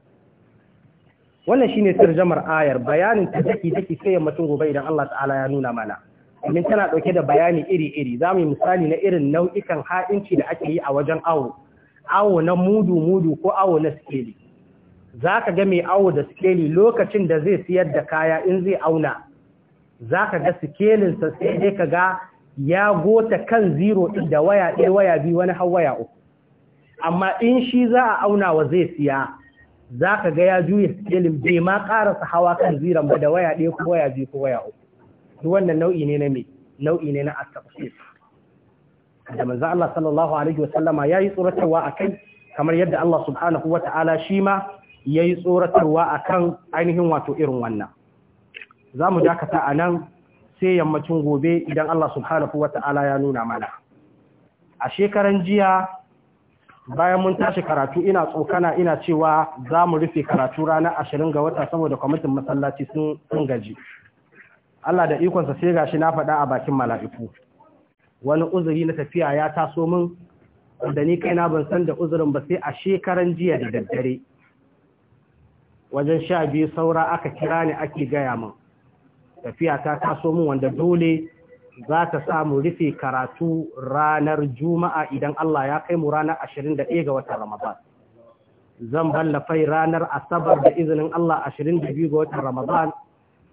wannan shine tarjamar ayar bayanin ta take take sai ya mutum gobe idan Allah ta'ala ya nuna mana min tana dauke da bayani iri-iri za mu yi misali na irin nau'ikan ha'inci da ake yi a wajen awo awo na mudu mudu ko awo na sikeli za ka ga mai awo da sikeli lokacin da zai siyar da kaya in zai auna za ka ga sikelinsa sai dai ka ga ya gota kan zero ɗin da waya ɗaya waya biyu wani hawaya waya uku amma in shi za a auna wa zai siya za ka ga ya juya sikelin bai ma ƙarasa hawa kan ziran ba da waya ɗaya ko waya biyu ko waya uku duk wannan nau'i ne na mai. nau'i ne na astaqsif da manzo Allah sallallahu alaihi wasallama yayi a akai kamar yadda Allah subhanahu ta'ala shi ma ya yi tsoratarwa a kan ainihin wato irin wannan za mu dakata a nan sai yammacin gobe idan Allah subhanahu wa ta'ala ya nuna mana a shekaran jiya bayan mun tashi karatu ina tsokana ina cewa za mu rufe karatu ranar ashirin ga wata saboda kwamitin masallaci sun gaji Allah da ikonsa sai gashi na faɗa a bakin mala'iku wani uzuri na tafiya ya taso min da ni kaina ban san da uzurin ba sai a shekaran jiya da daddare wajen sha biyu saura aka kira ni ake gaya min tafiya ta kaso min wanda dole za ta samu rufe karatu ranar juma'a idan Allah ya kai mu ranar 21 ga watan Ramadan zan ballafai ranar asabar da izinin Allah 22 ga watan Ramadan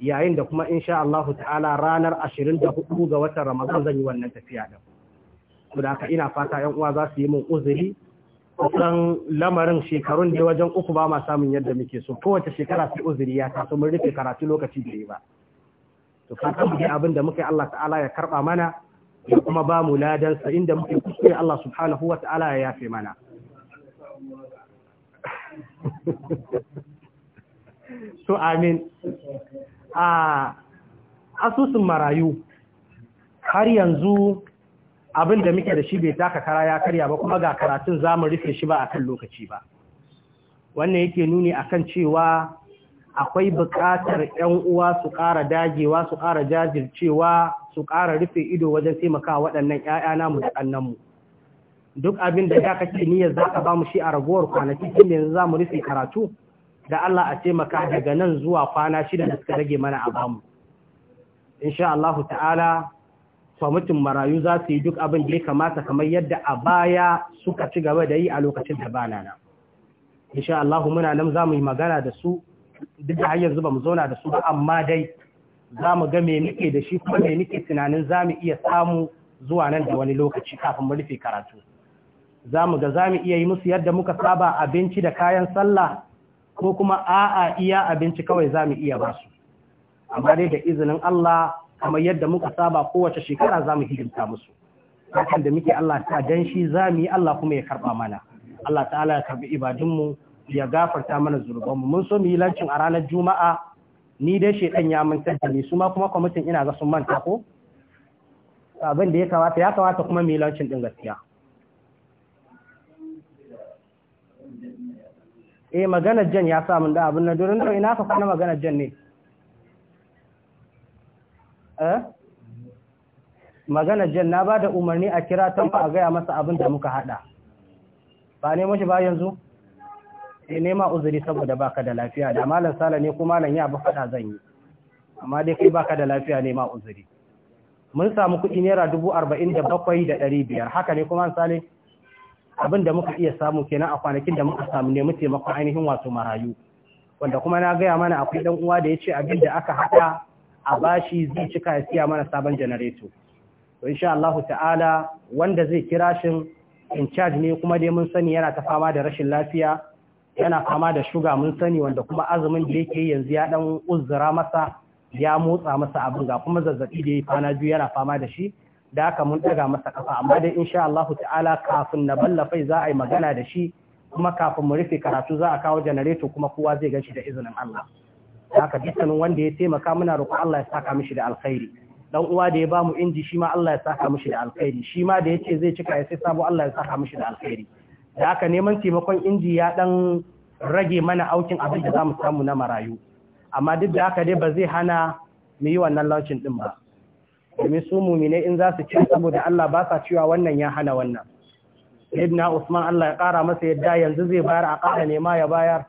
yayin da kuma insha Allah ta'ala ranar 24 ga watan Ramadan zan yi wannan tafiya ku da haka ina fata yan uwa za su yi min uzuri kusan lamarin shekarun da wajen uku ba ma samun yadda muke so kowace shekara sai uzuri ya taso mun rufe karatu lokaci da ba to ka kan bude abin da muka Allah ta'ala ya karba mana ya kuma ba mu ladan sa inda muke kuskure Allah subhanahu wa ta'ala ya yafe mana so amin a ah, asusun marayu har yanzu abin da muke da shi bai taka kara ya karya ba kuma ga karatun za mu rufe shi ba a kan lokaci ba wannan yake nuni akan cewa akwai buƙatar 'yan uwa su ƙara dagewa su ƙara jajircewa su ƙara rufe ido wajen taimaka waɗannan 'ya'ya namu da ƙannanmu duk abin da ya kake niyyar za ka ba mu shi a ragowar kwanaki tun da yanzu za mu rufe karatu da Allah a taimaka daga nan zuwa kwana shida da suka rage mana a bamu insha Allah ta'ala kwamitin marayu za su yi duk abin da ya kamata kamar yadda a baya suka ci gaba da yi a lokacin da bana na insha Allah muna nan za mu yi magana da su duk da hanyar zuba ba mu zauna da su ba amma dai za mu ga me muke da shi kuma me muke tunanin za mu iya samu zuwa nan da wani lokaci kafin mu rufe karatu za mu ga za mu iya yi musu yadda muka saba abinci da kayan sallah ko kuma a'a iya abinci kawai za mu iya ba su amma dai da izinin Allah kamar yadda muka saba kowace shekara za mu hidimta musu hakan da muke Allah ta gan shi za mu yi Allah kuma ya karɓa mana Allah ta'ala ya karɓi ibadunmu ya gafarta mana zurbanmu mun so mu yi lancin a ranar juma'a ni dai shaidan ya mun da ne su ma kuma kwamitin ina ga sun manta ko abin da ya kamata ya kamata kuma mu yi lancin din gaskiya eh maganar jan ya sa mun da abin na durin da ina ka kwana maganar jan ne Eh? magana jan na ba da umarni a kira ta a gaya masa abin da muka hada ba ne mashi ba yanzu sai eh, nema uzuri saboda baka da lafiya da malam sala ne ko malam ya ba fada zan yi amma dai kai baka da lafiya ne ma uzuri mun samu kuɗi naira dubu arba'in da bakwai da ɗari biyar haka ne kuma sale abin da muka iya samu kenan a kwanakin da muka samu nemi taimakon ainihin wasu marayu wanda kuma na gaya mana akwai ɗan uwa da ya ce abin da aka haɗa a bashi zai cika ya siya mana sabon janareto to insha Allah ta'ala wanda zai kira shin in charge ne kuma dai mun sani yana ta fama da rashin lafiya yana fama da shuga mun sani wanda kuma azumin da yake yanzu ya ɗan uzura masa ya motsa masa abin ga kuma zazzabi da ya kwana biyu yana fama da shi da haka mun ɗaga masa kafa amma dai insha Allah ta'ala kafin na ballafai za a yi magana da shi kuma kafin mu rufe karatu za a kawo janareto kuma kowa zai gan shi da izinin Allah haka dukkan wanda ya taimaka muna roƙon Allah ya saka mishi da alkhairi dan uwa da ya bamu inji shi ma Allah ya saka mishi da alkhairi shi ma da yace zai cika ya sai sabo Allah ya saka mishi da alkhairi da haka neman taimakon inji ya dan rage mana aukin abin da zamu samu na marayu amma duk da haka dai ba zai hana mu yi wannan launcin din ba domin su mumine in za su ci saboda Allah ba sa cewa wannan ya hana wannan Ibn Usman Allah ya kara masa yadda yanzu zai bayar a ƙara nema ya bayar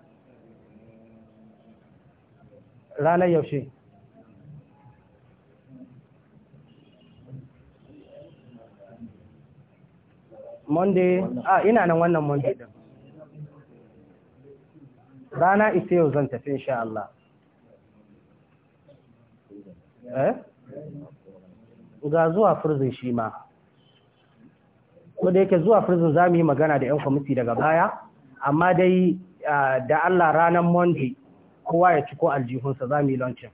ranar yaushe monday a ina nan wannan monday din rana ita yau zan tafi insha Allah eh ga zuwa furzin shi ma ko da yake zuwa furzin za mu yi magana da 'yan kwamiti daga baya amma dai da Allah ranar monday kowa ya ci ko aljihunsa za mu yi launcin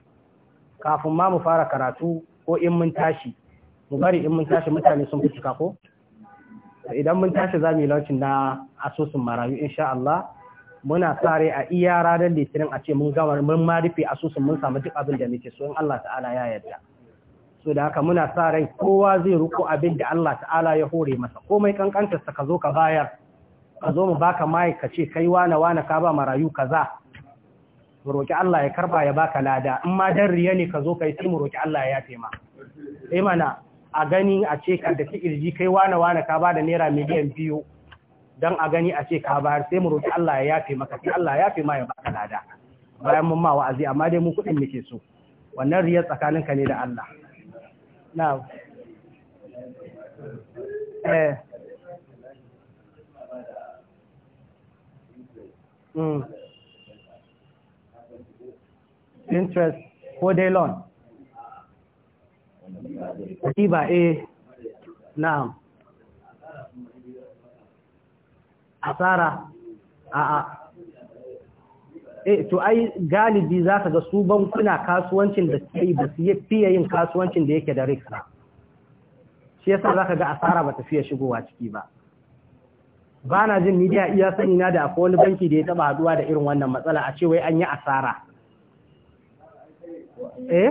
kafin ma mu fara karatu ko in mun tashi mu bari in mun tashi mutane sun fi cika ko idan mun tashi za mu yi launcin na asusun marayu insha Allah muna sare a iya ranar litinin a ce mun gama mun ma rufe asusun mun samu duk abin da muke so in Allah ta'ala ya yarda so da haka muna sa rai kowa zai ruko abin da Allah ta'ala ya hore masa komai kankantar ka zo ka bayar ka zo mu baka mai ka ce kai wana wana ka ba marayu kaza mu roƙi Allah ya karba ya baka lada in ma dan riya ne ka zo kai sai mu roƙi Allah ya yafe ma eh mana a gani a ce ka da kirji kai wane wane ka ba da naira miliyan biyu dan a gani a ce ka bayar sai mu roƙi Allah ya yafe maka sai Allah ya yafe ma ya baka lada bayan mun ma wa'azi amma dai mu kudin muke so wannan riya tsakaninka ne da Allah na'am eh Mm. interest ko dai loan riba e na'am asara a'a eh to ai galibi za ka ga su bankuna kasuwancin da suke yi ba su fiye yin kasuwancin da yake da rikra shi yasa za ka ga asara ba ta fiye shigowa ciki ba ba na jin ni da iya sani na da akwai wani banki da ya taba haduwa da irin wannan matsala a ce wai an yi asara eh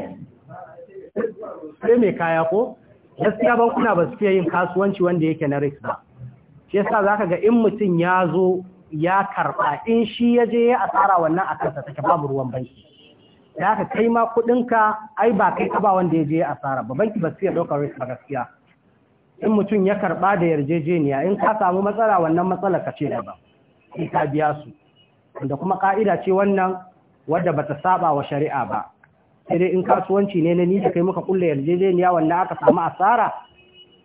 sai mai kaya ko gaskiya bankuna ba su fiye yin kasuwanci wanda yake na risk ba shi yasa zaka ga in mutum ya zo ya karba in shi ya je ya asara wannan a kansa take babu ruwan banki zaka kai ma kudinka ai ba kai ka ba wanda ya je ya asara ba banki ba su fiye ɗaukar risk ba gaskiya in mutum ya karba da yarjejeniya in ka samu matsala wannan matsala ka ce daban sai ka biya su wanda kuma ka'ida ce wannan wadda bata saba wa shari'a ba sai dai in kasuwanci ne na nisa kai muka kulle yarjejeniya wanda aka samu asara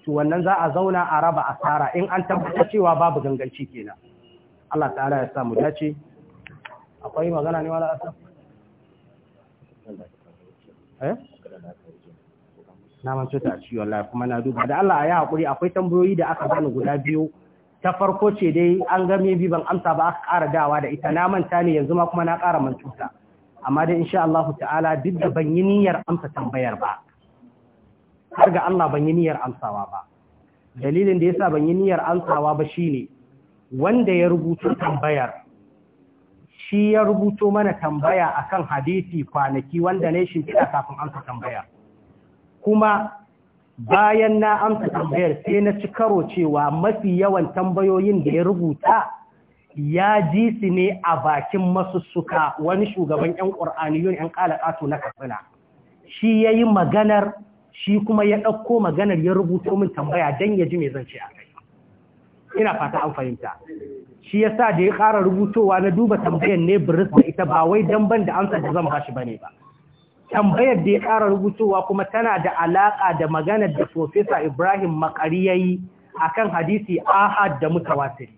to wannan za a zauna a raba asara in an tabbata cewa babu ganganci kenan Allah ta'ala ya samu dace akwai magana ne wala asa eh na manta ta ciwo Allah kuma na duba da Allah ya hakuri akwai tambayoyi da aka bani guda biyu ta farko ce dai an ga me bi ban amsa ba aka ƙara dawa da ita na manta ne yanzu ma kuma na ƙara mantuta amma dai insha Allah ta'ala duk da ban yi niyyar amsa tambayar ba har ga Allah ban yi niyyar amsawa ba dalilin da yasa ban yi niyyar amsawa ba shine wanda ya rubuto tambayar shi ya rubuto mana tambaya akan hadisi kwanaki wanda ne shi kira kafin amsa tambayar. kuma bayan na amsa tambayar sai na ci karo cewa mafi yawan tambayoyin da ya rubuta ya ji su ne a bakin masussuka wani shugaban 'yan ƙur'aniyun 'yan ƙalaƙato na katsina shi ya yi maganar shi kuma ya ɗauko maganar ya rubuto min tambaya don ya ji mai zance a kai ina fata an fahimta shi ya sa da ya ƙara rubutowa na duba tambayar ne biris da ita ba wai don ban da amsa da zan bashi ba ne ba tambayar da ya ƙara rubutowa kuma tana da alaƙa da maganar da Profesa Ibrahim Makari ya yi a kan hadisi ahad da mutawatiri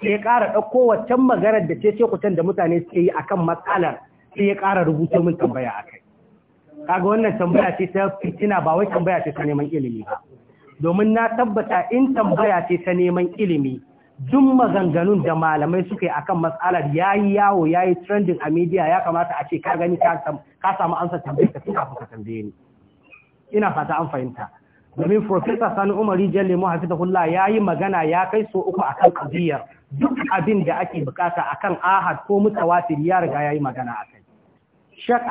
sai ya ƙara ɗauko waccan maganar da ce kutan da mutane suke yi a kan matsalar sai ya ƙara rubuta min tambaya a kai kaga wannan tambaya ce ta fitina ba wai tambaya ce ta neman ilimi ba domin na tabbata in tambaya ce ta neman ilimi duk maganganun da malamai suke a kan matsalar ya yi yawo ya yi trending a media ya kamata a ce ka gani ka samu ansa tambayar ka tun kafin ka tambaye ni ina fata an fahimta domin profesa sani Umar Rijiyar mu hafi da ya yi magana ya kai so uku a kan duk abin da ake bukata a kan ahad ko mutawatir ya riga ya yi magana a kai shek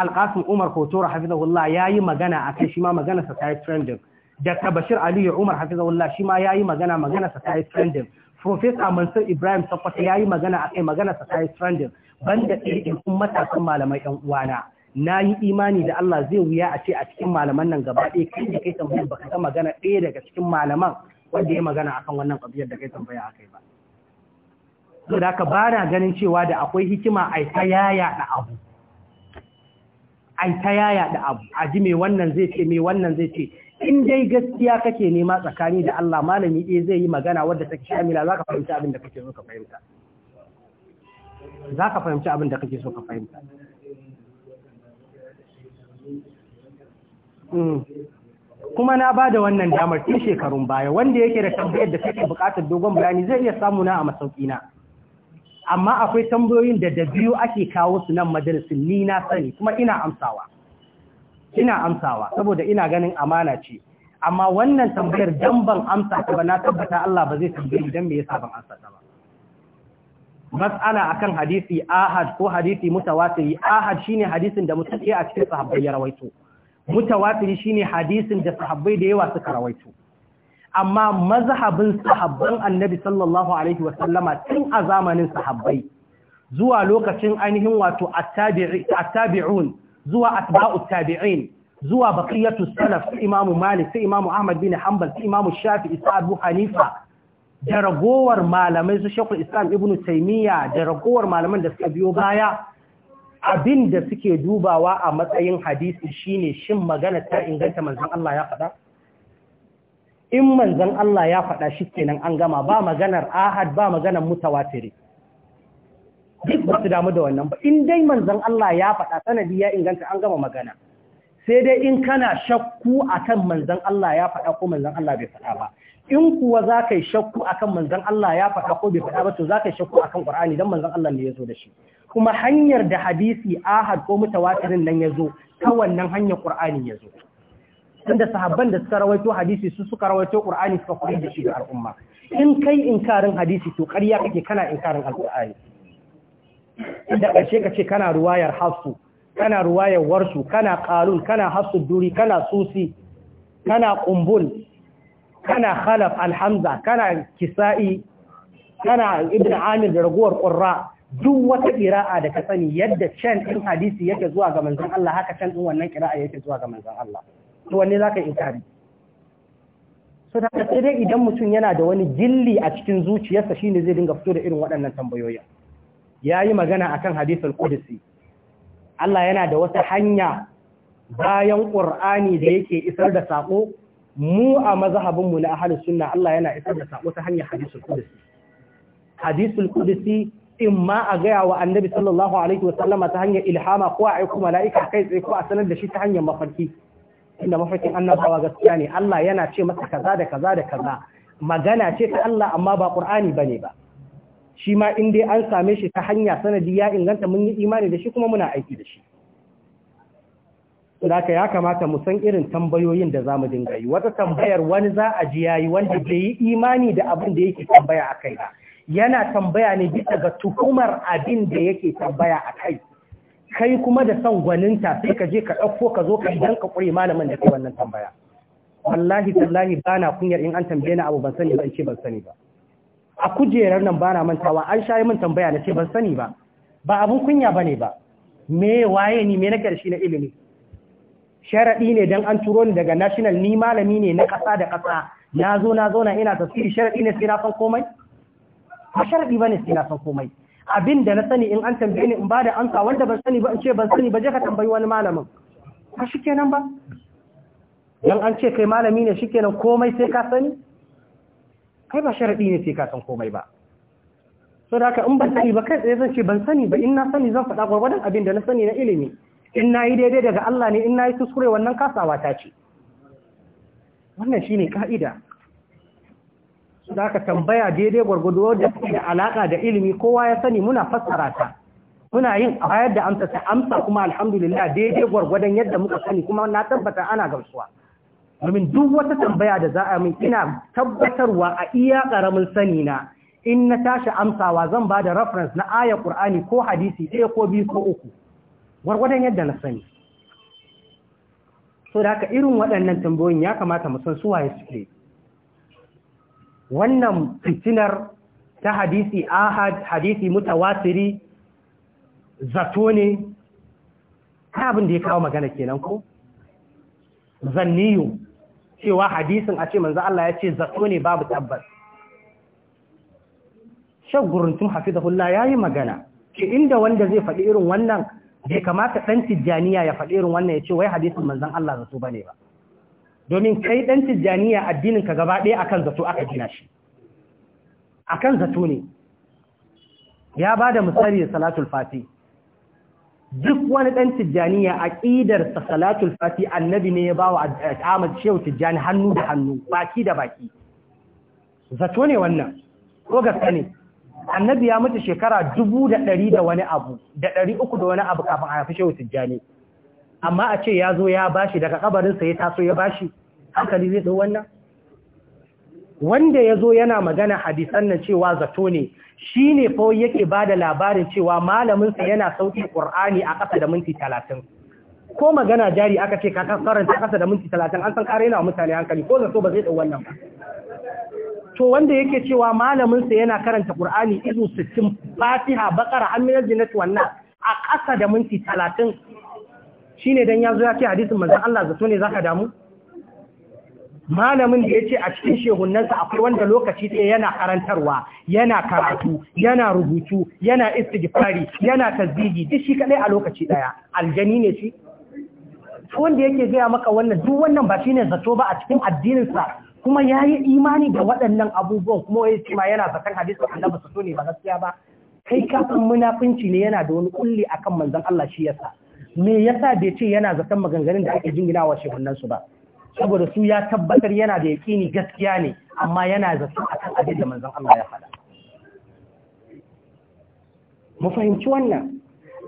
umar hotora hafi da ya yi magana a kai shi ma magana sa ta trending da Bashir Aliyu Umar Hafizahullah shi ma yi magana magana sa ta yi trending. Profesa Mansur Ibrahim ya yi magana akai magana sa ta trending. Banda ɗin kun matasan malamai ƴan uwana. na yi imani da Allah zai wuya a ce a cikin malaman nan gaba ɗaya kai da kai tambayar baka ga magana ɗaya daga cikin malaman wanda ya magana akan wannan ƙabiyar da kai tambaya akai ba saboda haka ba na ganin cewa da akwai hikima a ta yaya da abu a ta yaya da abu a ji me wannan zai ce me wannan zai ce in dai gaskiya kake nema tsakani da Allah malami ɗaya zai yi magana wadda take shamila za ka fahimci abin da kake so ka fahimta za ka fahimci abin da kake so ka fahimta Mm. kuma na ba da wannan damar tun shekarun baya wanda yake da tambayar da take bukatar dogon bayani zai iya samu na a masaukina na amma akwai tambayoyin da da biyu ake kawo su nan majalisun, ni na sani kuma ina amsawa ina amsawa saboda ina ganin amana ce amma wannan tambayar dan ban amsa ta ba na tabbata Allah ba zai tambaye dan me yasa ban amsa ta ba mas'ala akan hadisi ahad ko hadisi mutawatiri ahad shine hadisin da mutum ke a cikin sahabbai ya rawaito mutawatir shine hadisin da sahabbai da yawa suka rawaito amma mazhabin sahabban annabi sallallahu alaihi wasallama tun a zamanin sahabbai zuwa lokacin ainihin wato attabi'un zuwa atba'u tabi'in zuwa baqiyatu salaf imam malik sai imamu ahmad bin hanbal sai imam shafi'i sai abu hanifa da ragowar malamai su shekul islam ibnu taymiya da ragowar malaman da suka biyo baya abin da suke dubawa a matsayin hadisi shine shin magana ta inganta manzon Allah ya faɗa in manzon Allah ya faɗa shi kenan an gama ba maganar ahad ba maganar mutawatiri duk ba su damu da wannan ba in dai manzon Allah ya faɗa sanadi ya inganta an gama magana sai dai in kana shakku akan manzon Allah ya faɗa ko manzon Allah bai faɗa ba in kuwa za ka yi shakku akan manzon Allah ya faɗa ko bai faɗa ba to za ka yi shakku akan Qur'ani dan manzon Allah ne ya zo da shi kuma hanyar da hadisi ahad ko mutawatirin nan ya zo ta wannan hanyar ƙur'ani ya zo tunda sahabban da suka rawaito hadisi su suka rawaito ƙur'ani suka koyi da shi ga al'umma in kai inkarin hadisi to ƙarya kake kana inkarin alƙur'ani inda ƙarshe ka ce kana ruwayar hafsu kana ruwayar warsu kana ƙarun kana hafsu duri kana susi kana ƙumbul kana khalaf alhamza kana kisa'i kana ibn amir da raguwar ƙurra duk wata ƙira'a da ka sani yadda can ɗin hadisi yake zuwa ga manzon Allah haka can ɗin wannan kira'a yake zuwa ga manzon Allah to wanne za ka inkari so da sai dai idan mutum yana da wani gilli a cikin zuciyarsa shi ne zai dinga fito da irin waɗannan tambayoyin yayi magana akan hadisul qudsi Allah yana da wata hanya bayan Qur'ani da yake isar da sako mu a mu na ahlus sunna Allah yana isar da sako ta hanyar hadisul qudsi hadisul qudsi in ma a gaya wa annabi sallallahu alaihi wa sallama ta hanyar ilhama ko a aiko mala'ika kai tsaye ko a sanar da shi ta hanyar mafarki inda mafarkin annabawa gaskiya ne Allah yana ce masa kaza da kaza da kaza magana ce ta Allah amma ba Qur'ani bane ba shi ma in dai an same shi ta hanya sanadi ya inganta mun yi imani da shi kuma muna aiki da shi Zaka ya kamata mu san irin tambayoyin da zamu dinga yi wata tambayar wani za a ji yayi wanda bai yi imani da abin da yake tambaya a kai ba yana tambaya ne bisa ga tuhumar abin da yake tambaya a kai kai kuma da son gwaninta sai ka je ka dauko ka zo ka idan ka ƙure malamin da ke wannan tambaya wallahi tallahi bana kunyar in an tambaye ni abu ban sani ba in ce ban sani ba a kujerar nan bana mantawa an shayi min tambaya na ce ban sani ba ba abun kunya bane ba me waye ni me na karshe na ilimi sharaɗi ne don an turo ni daga national ni malami ne na kasa da ƙasa na zo na zauna ina tafsiri sharaɗi ne sai na san komai ba ne sai na san komai abin da na sani in an tambaye ni in ba da amsa wanda ban sani ba in ce ban sani ba je ka tambayi wani malamin "Ka ba nan ba dan an ce kai malami ne shikenan komai sai ka sani kai ba sharaɗi ne sai ka san komai ba so da haka in ban sani ba kai tsaye zan ce ban sani ba in na sani zan faɗa gwargwadon abin da na sani na ilimi in na yi daidai daga Allah ne in na yi kuskure wannan kasawa ta ce wannan shine ka'ida za ka tambaya daidai gwargwado wadda suke da alaka da ilimi kowa ya sani muna fassara ta muna yin a bayar da amsa ta amsa kuma alhamdulillah daidai gwargwadon yadda muka sani kuma na tabbata ana gamsuwa domin duk wata tambaya da za a min ina tabbatarwa a iya karamin sani na in na tashi amsawa zan ba da reference na aya qur'ani ko hadisi ɗaya ko biyu ko uku gwargwadon yadda na sani so da haka irin waɗannan tambayoyin ya kamata mu san su waye suke wannan fitinar ta hadisi ahad hadisi mutawatiri zato ne abin da ya kawo magana kenan ko zanniyu cewa hadisin a ce manzo Allah ya ce zato ne babu tabbas shaguruntum hafizahullah yayi magana Ke inda wanda zai faɗi irin wannan bai kamata dan tijjaniya ya faɗi irin wannan ya ce wai hadisin manzon Allah zato bane ba domin kai ɗan tijjaniya addinin ka gaba ɗaya akan zato aka gina shi akan zato ne ya ba da misali da salatul fati duk wani ɗan tijjaniya a ƙidarsa salatul fati annabi ne ya ba wa ahmad shehu tijjani hannu da hannu baki da baki zato ne wannan ko gaske ne annabi ya mutu shekara dubu da ɗari da wani abu da ɗari uku da wani abu kafin a haifi shehu tijjani amma a ce ya zo ya bashi daga kabarinsa ya taso ya bashi hankali zai ɗau wannan wanda ya zo yana magana hadisan nan cewa zato ne shi ne fawon yake ba da labarin cewa malaminsa yana sauki ƙur'ani a ƙasa da minti talatin ko magana jari aka ce ka karanta ƙasa da minti talatin an san ƙara yana mutane hankali ko zato ba zai ɗau wannan ba to wanda yake cewa malaminsa yana karanta ƙur'ani izu sittin fatiha bakara hamilar jinnati wannan a ƙasa da minti talatin shine dan ya zo ya ce hadisin manza Allah zato ne za ka damu malamin da ya ce a cikin shehunansa akwai wanda lokaci ɗaya yana karantarwa yana karatu yana rubutu yana istighfari yana tasbihi duk shi kadai a lokaci ɗaya aljani ne shi wanda yake gaya maka wannan duk wannan ba shi ne zato ba a cikin addininsa kuma ya yi imani da waɗannan abubuwan kuma ya ce ma yana zaton hadisin ba su ne ba gaskiya ba kai kafin munafunci ne yana da wani kulli akan manzan Allah shi yasa me yasa bai ce yana zaton maganganun da ake jingina wa shehunan su ba saboda su ya tabbatar yana da yaƙini gaskiya ne amma yana zaton akan abin da manzon Allah ya faɗa mu fahimci wannan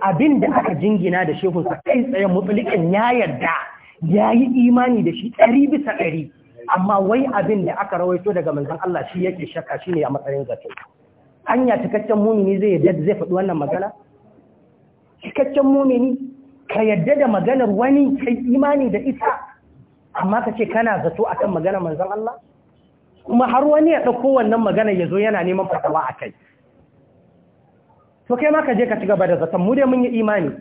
abin da aka jingina da shehun sa kai tsaye mutsalikin ya yarda ya yi imani da shi ɗari bisa ɗari amma wai abin da aka rawaito daga manzon Allah shi yake shakka ne a matsayin zato hanya cikakken mumini zai zai faɗi wannan magana cikakken mumini ka yadda da maganar wani kai imani da ita amma ka ce kana zato akan maganar manzan Allah kuma har wani ya ɗauko wannan maganar ya zo yana neman fatawa a kai to kai ma ka je ka ci gaba da zaton mu dai mun yi imani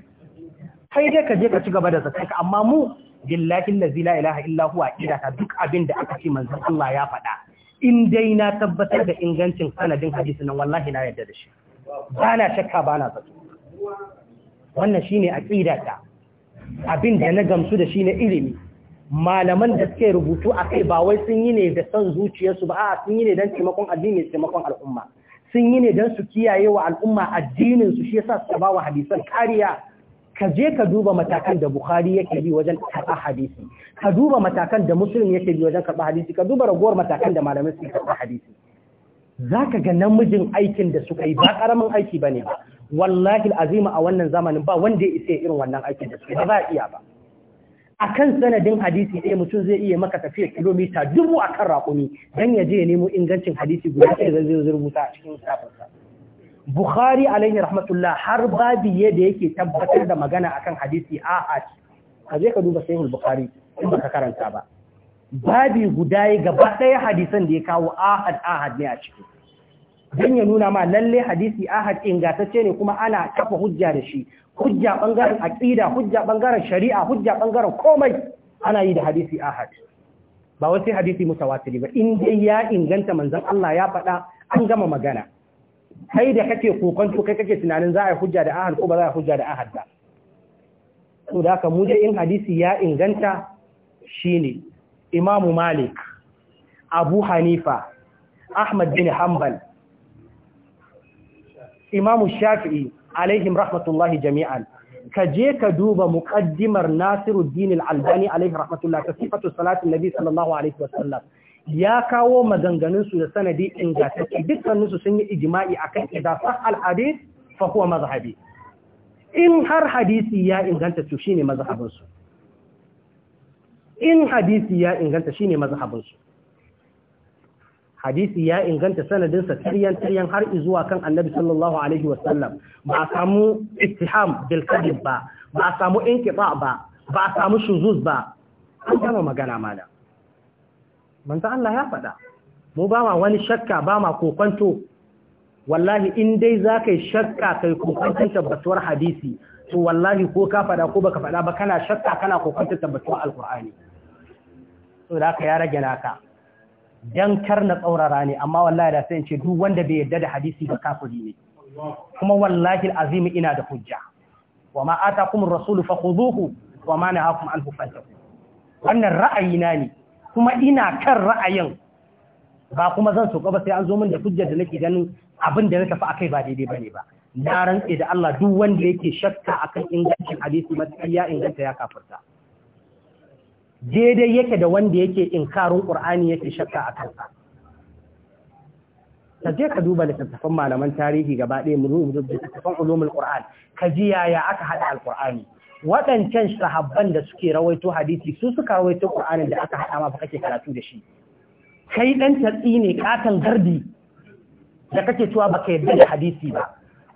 kai dai ka je ka ci gaba da zaton ka amma mu billahi allazi la ilaha illa huwa ta duk abin da aka ce manzon Allah ya faɗa in dai na tabbatar da ingancin sanadin hadisi nan wallahi na yarda da shi ba na shakka ba na zato wannan shine ƙidata abin da na gamsu da shine ilimi malaman da suke rubutu akai ba wai sun yi ne da son zuciyarsu ba a sun yi ne don taimakon addini taimakon al'umma sun yi ne don su kiyaye wa al'umma addinin su shi yasa suka ba wa hadisan kariya ka je ka duba matakan da Bukhari yake bi wajen karɓa hadisi ka duba matakan da Muslim yake bi wajen karɓa hadisi ka duba ragowar matakan da malamai suke karɓa hadisi zaka ga namijin aikin da suka yi ba karamin aiki bane ba wallahi azima a wannan zamanin ba wanda ya isa irin wannan aikin da su ba iya ba akan sanadin hadisi ɗaya mutum zai iya maka tafiya kilomita dubu a kan raƙumi don ya je ya nemo ingancin hadisi guda ɗaya zai zai rubuta a cikin safinsa. Bukhari alaihi rahmatullah har babiye da yake tabbatar da magana akan hadisi a Ka je ka duba sahihul Bukhari in baka karanta ba. Babi guda ya gaba ɗaya hadisan da ya kawo ahad ahad ne a ciki. don ya nuna ma lalle hadisi ahad ingantacce ne kuma ana kafa hujja da shi hujja bangaren aqida hujja bangaren shari'a hujja bangaren komai ana yi da hadisi ahad ba wasu hadisi mutawatiri ba in dai ya inganta manzon Allah ya faɗa an gama magana kai da kake kokon to kai kake tunanin za a yi hujja da ahad ko ba za a yi hujja da ahad ba to da haka mu in hadisi ya inganta shine Imam Malik Abu Hanifa Ahmad bin Hanbal imamu shafi'i alaihim rahmatullahi jami'an ka je ka duba muqaddimar nasiruddin al-albani alaihi rahmatullahi ta sifatu salatin nabi sallallahu alaihi wasallam ya kawo maganganun su da sanadi ingantacce dukkanin su sun yi ijma'i akan idan sah al-hadith fa huwa mazhabi in har hadisi ya inganta to shine mazhabin su in hadisi ya inganta shine mazhabin su hadisi ya inganta sanadinsa tiryan tiryan har zuwa kan annabi sallallahu alaihi wasallam ba a samu ittiham bil kadib ba ba a samu inqita ba ba a samu shuzuz ba an gama magana mana manzo Allah ya faɗa mu ba ma wani shakka ba ma kokonto wallahi in dai zakai shakka kai kokonto tabbatuwar hadisi to wallahi ko ka faɗa ko baka faɗa ba kana shakka kana kokonto tabbatuwar alqur'ani to da ka ya rage naka dan kar na tsaurara ne amma wallahi da sai in ce duk wanda bai yarda da hadisi ba kafiri ne kuma wallahi azimi ina da hujja wa ma atakum ar-rasul fakhuduhu wa ma nahakum anhu fantahu wannan ra'ayi na ne kuma ina kan ra'ayin ba kuma zan soka ba sai an zo min da hujjar da nake ganin abin da na tafi akai ba daidai bane ba na rantse da Allah duk wanda yake shakka akan ingancin hadisi masu ya inganta ya kafirta daidai yake da wanda yake inkarin ƙur'ani yake shakka a kansa ka je ka duba littattafan malaman tarihi gaba ɗaya mu da littattafan ulumul qur'an ka ji yaya aka haɗa alqur'ani Wadancan sahabban da suke rawaito hadisi su suka rawaito qur'anin da aka haɗa ma ba kake karatu da shi kai dan tatsi ne katan gardi da kake cewa baka yarda da hadisi ba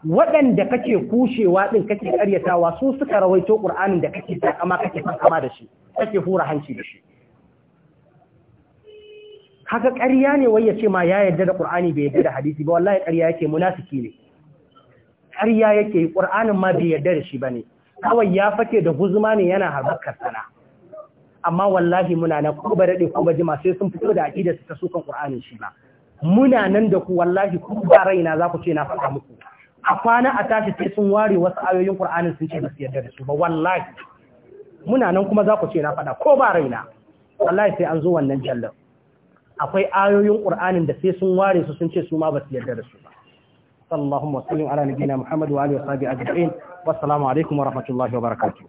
waɗanda kake kushewa ɗin kake ƙaryatawa su suka rawaito ƙur'anin da kake sakama kake kama da shi kake hura hanci da shi haka ƙarya ne wai ya ce ma ya yarda da ƙur'ani bai yarda da hadisi ba wallahi ƙarya yake munafiki ne ƙarya yake ƙur'anin ma bai yarda da shi bane kawai ya fake da guzuma ne yana harbakar sana amma wallahi muna nan ko ba daɗe ko ba jima sai sun fito da aƙidar su ta sukan ƙur'anin shi ba muna nan da ku wallahi ku ba raina za ku ce na faɗa muku a kwana a tashi sai sun ware wasu ayoyin Qur'anin sun ce ba su yarda da su ba wallahi muna nan kuma za ku ce na faɗa ko ba raina wallahi sai an zo wannan jallar akwai ayoyin Qur'anin da sai sun ware su sun ce su ma ba su yarda da su ba sallallahu alaihi wa sallam ala nabiyina Muhammad wa alihi wa sahbihi ajma'in alaikum wa rahmatullahi wa barakatuh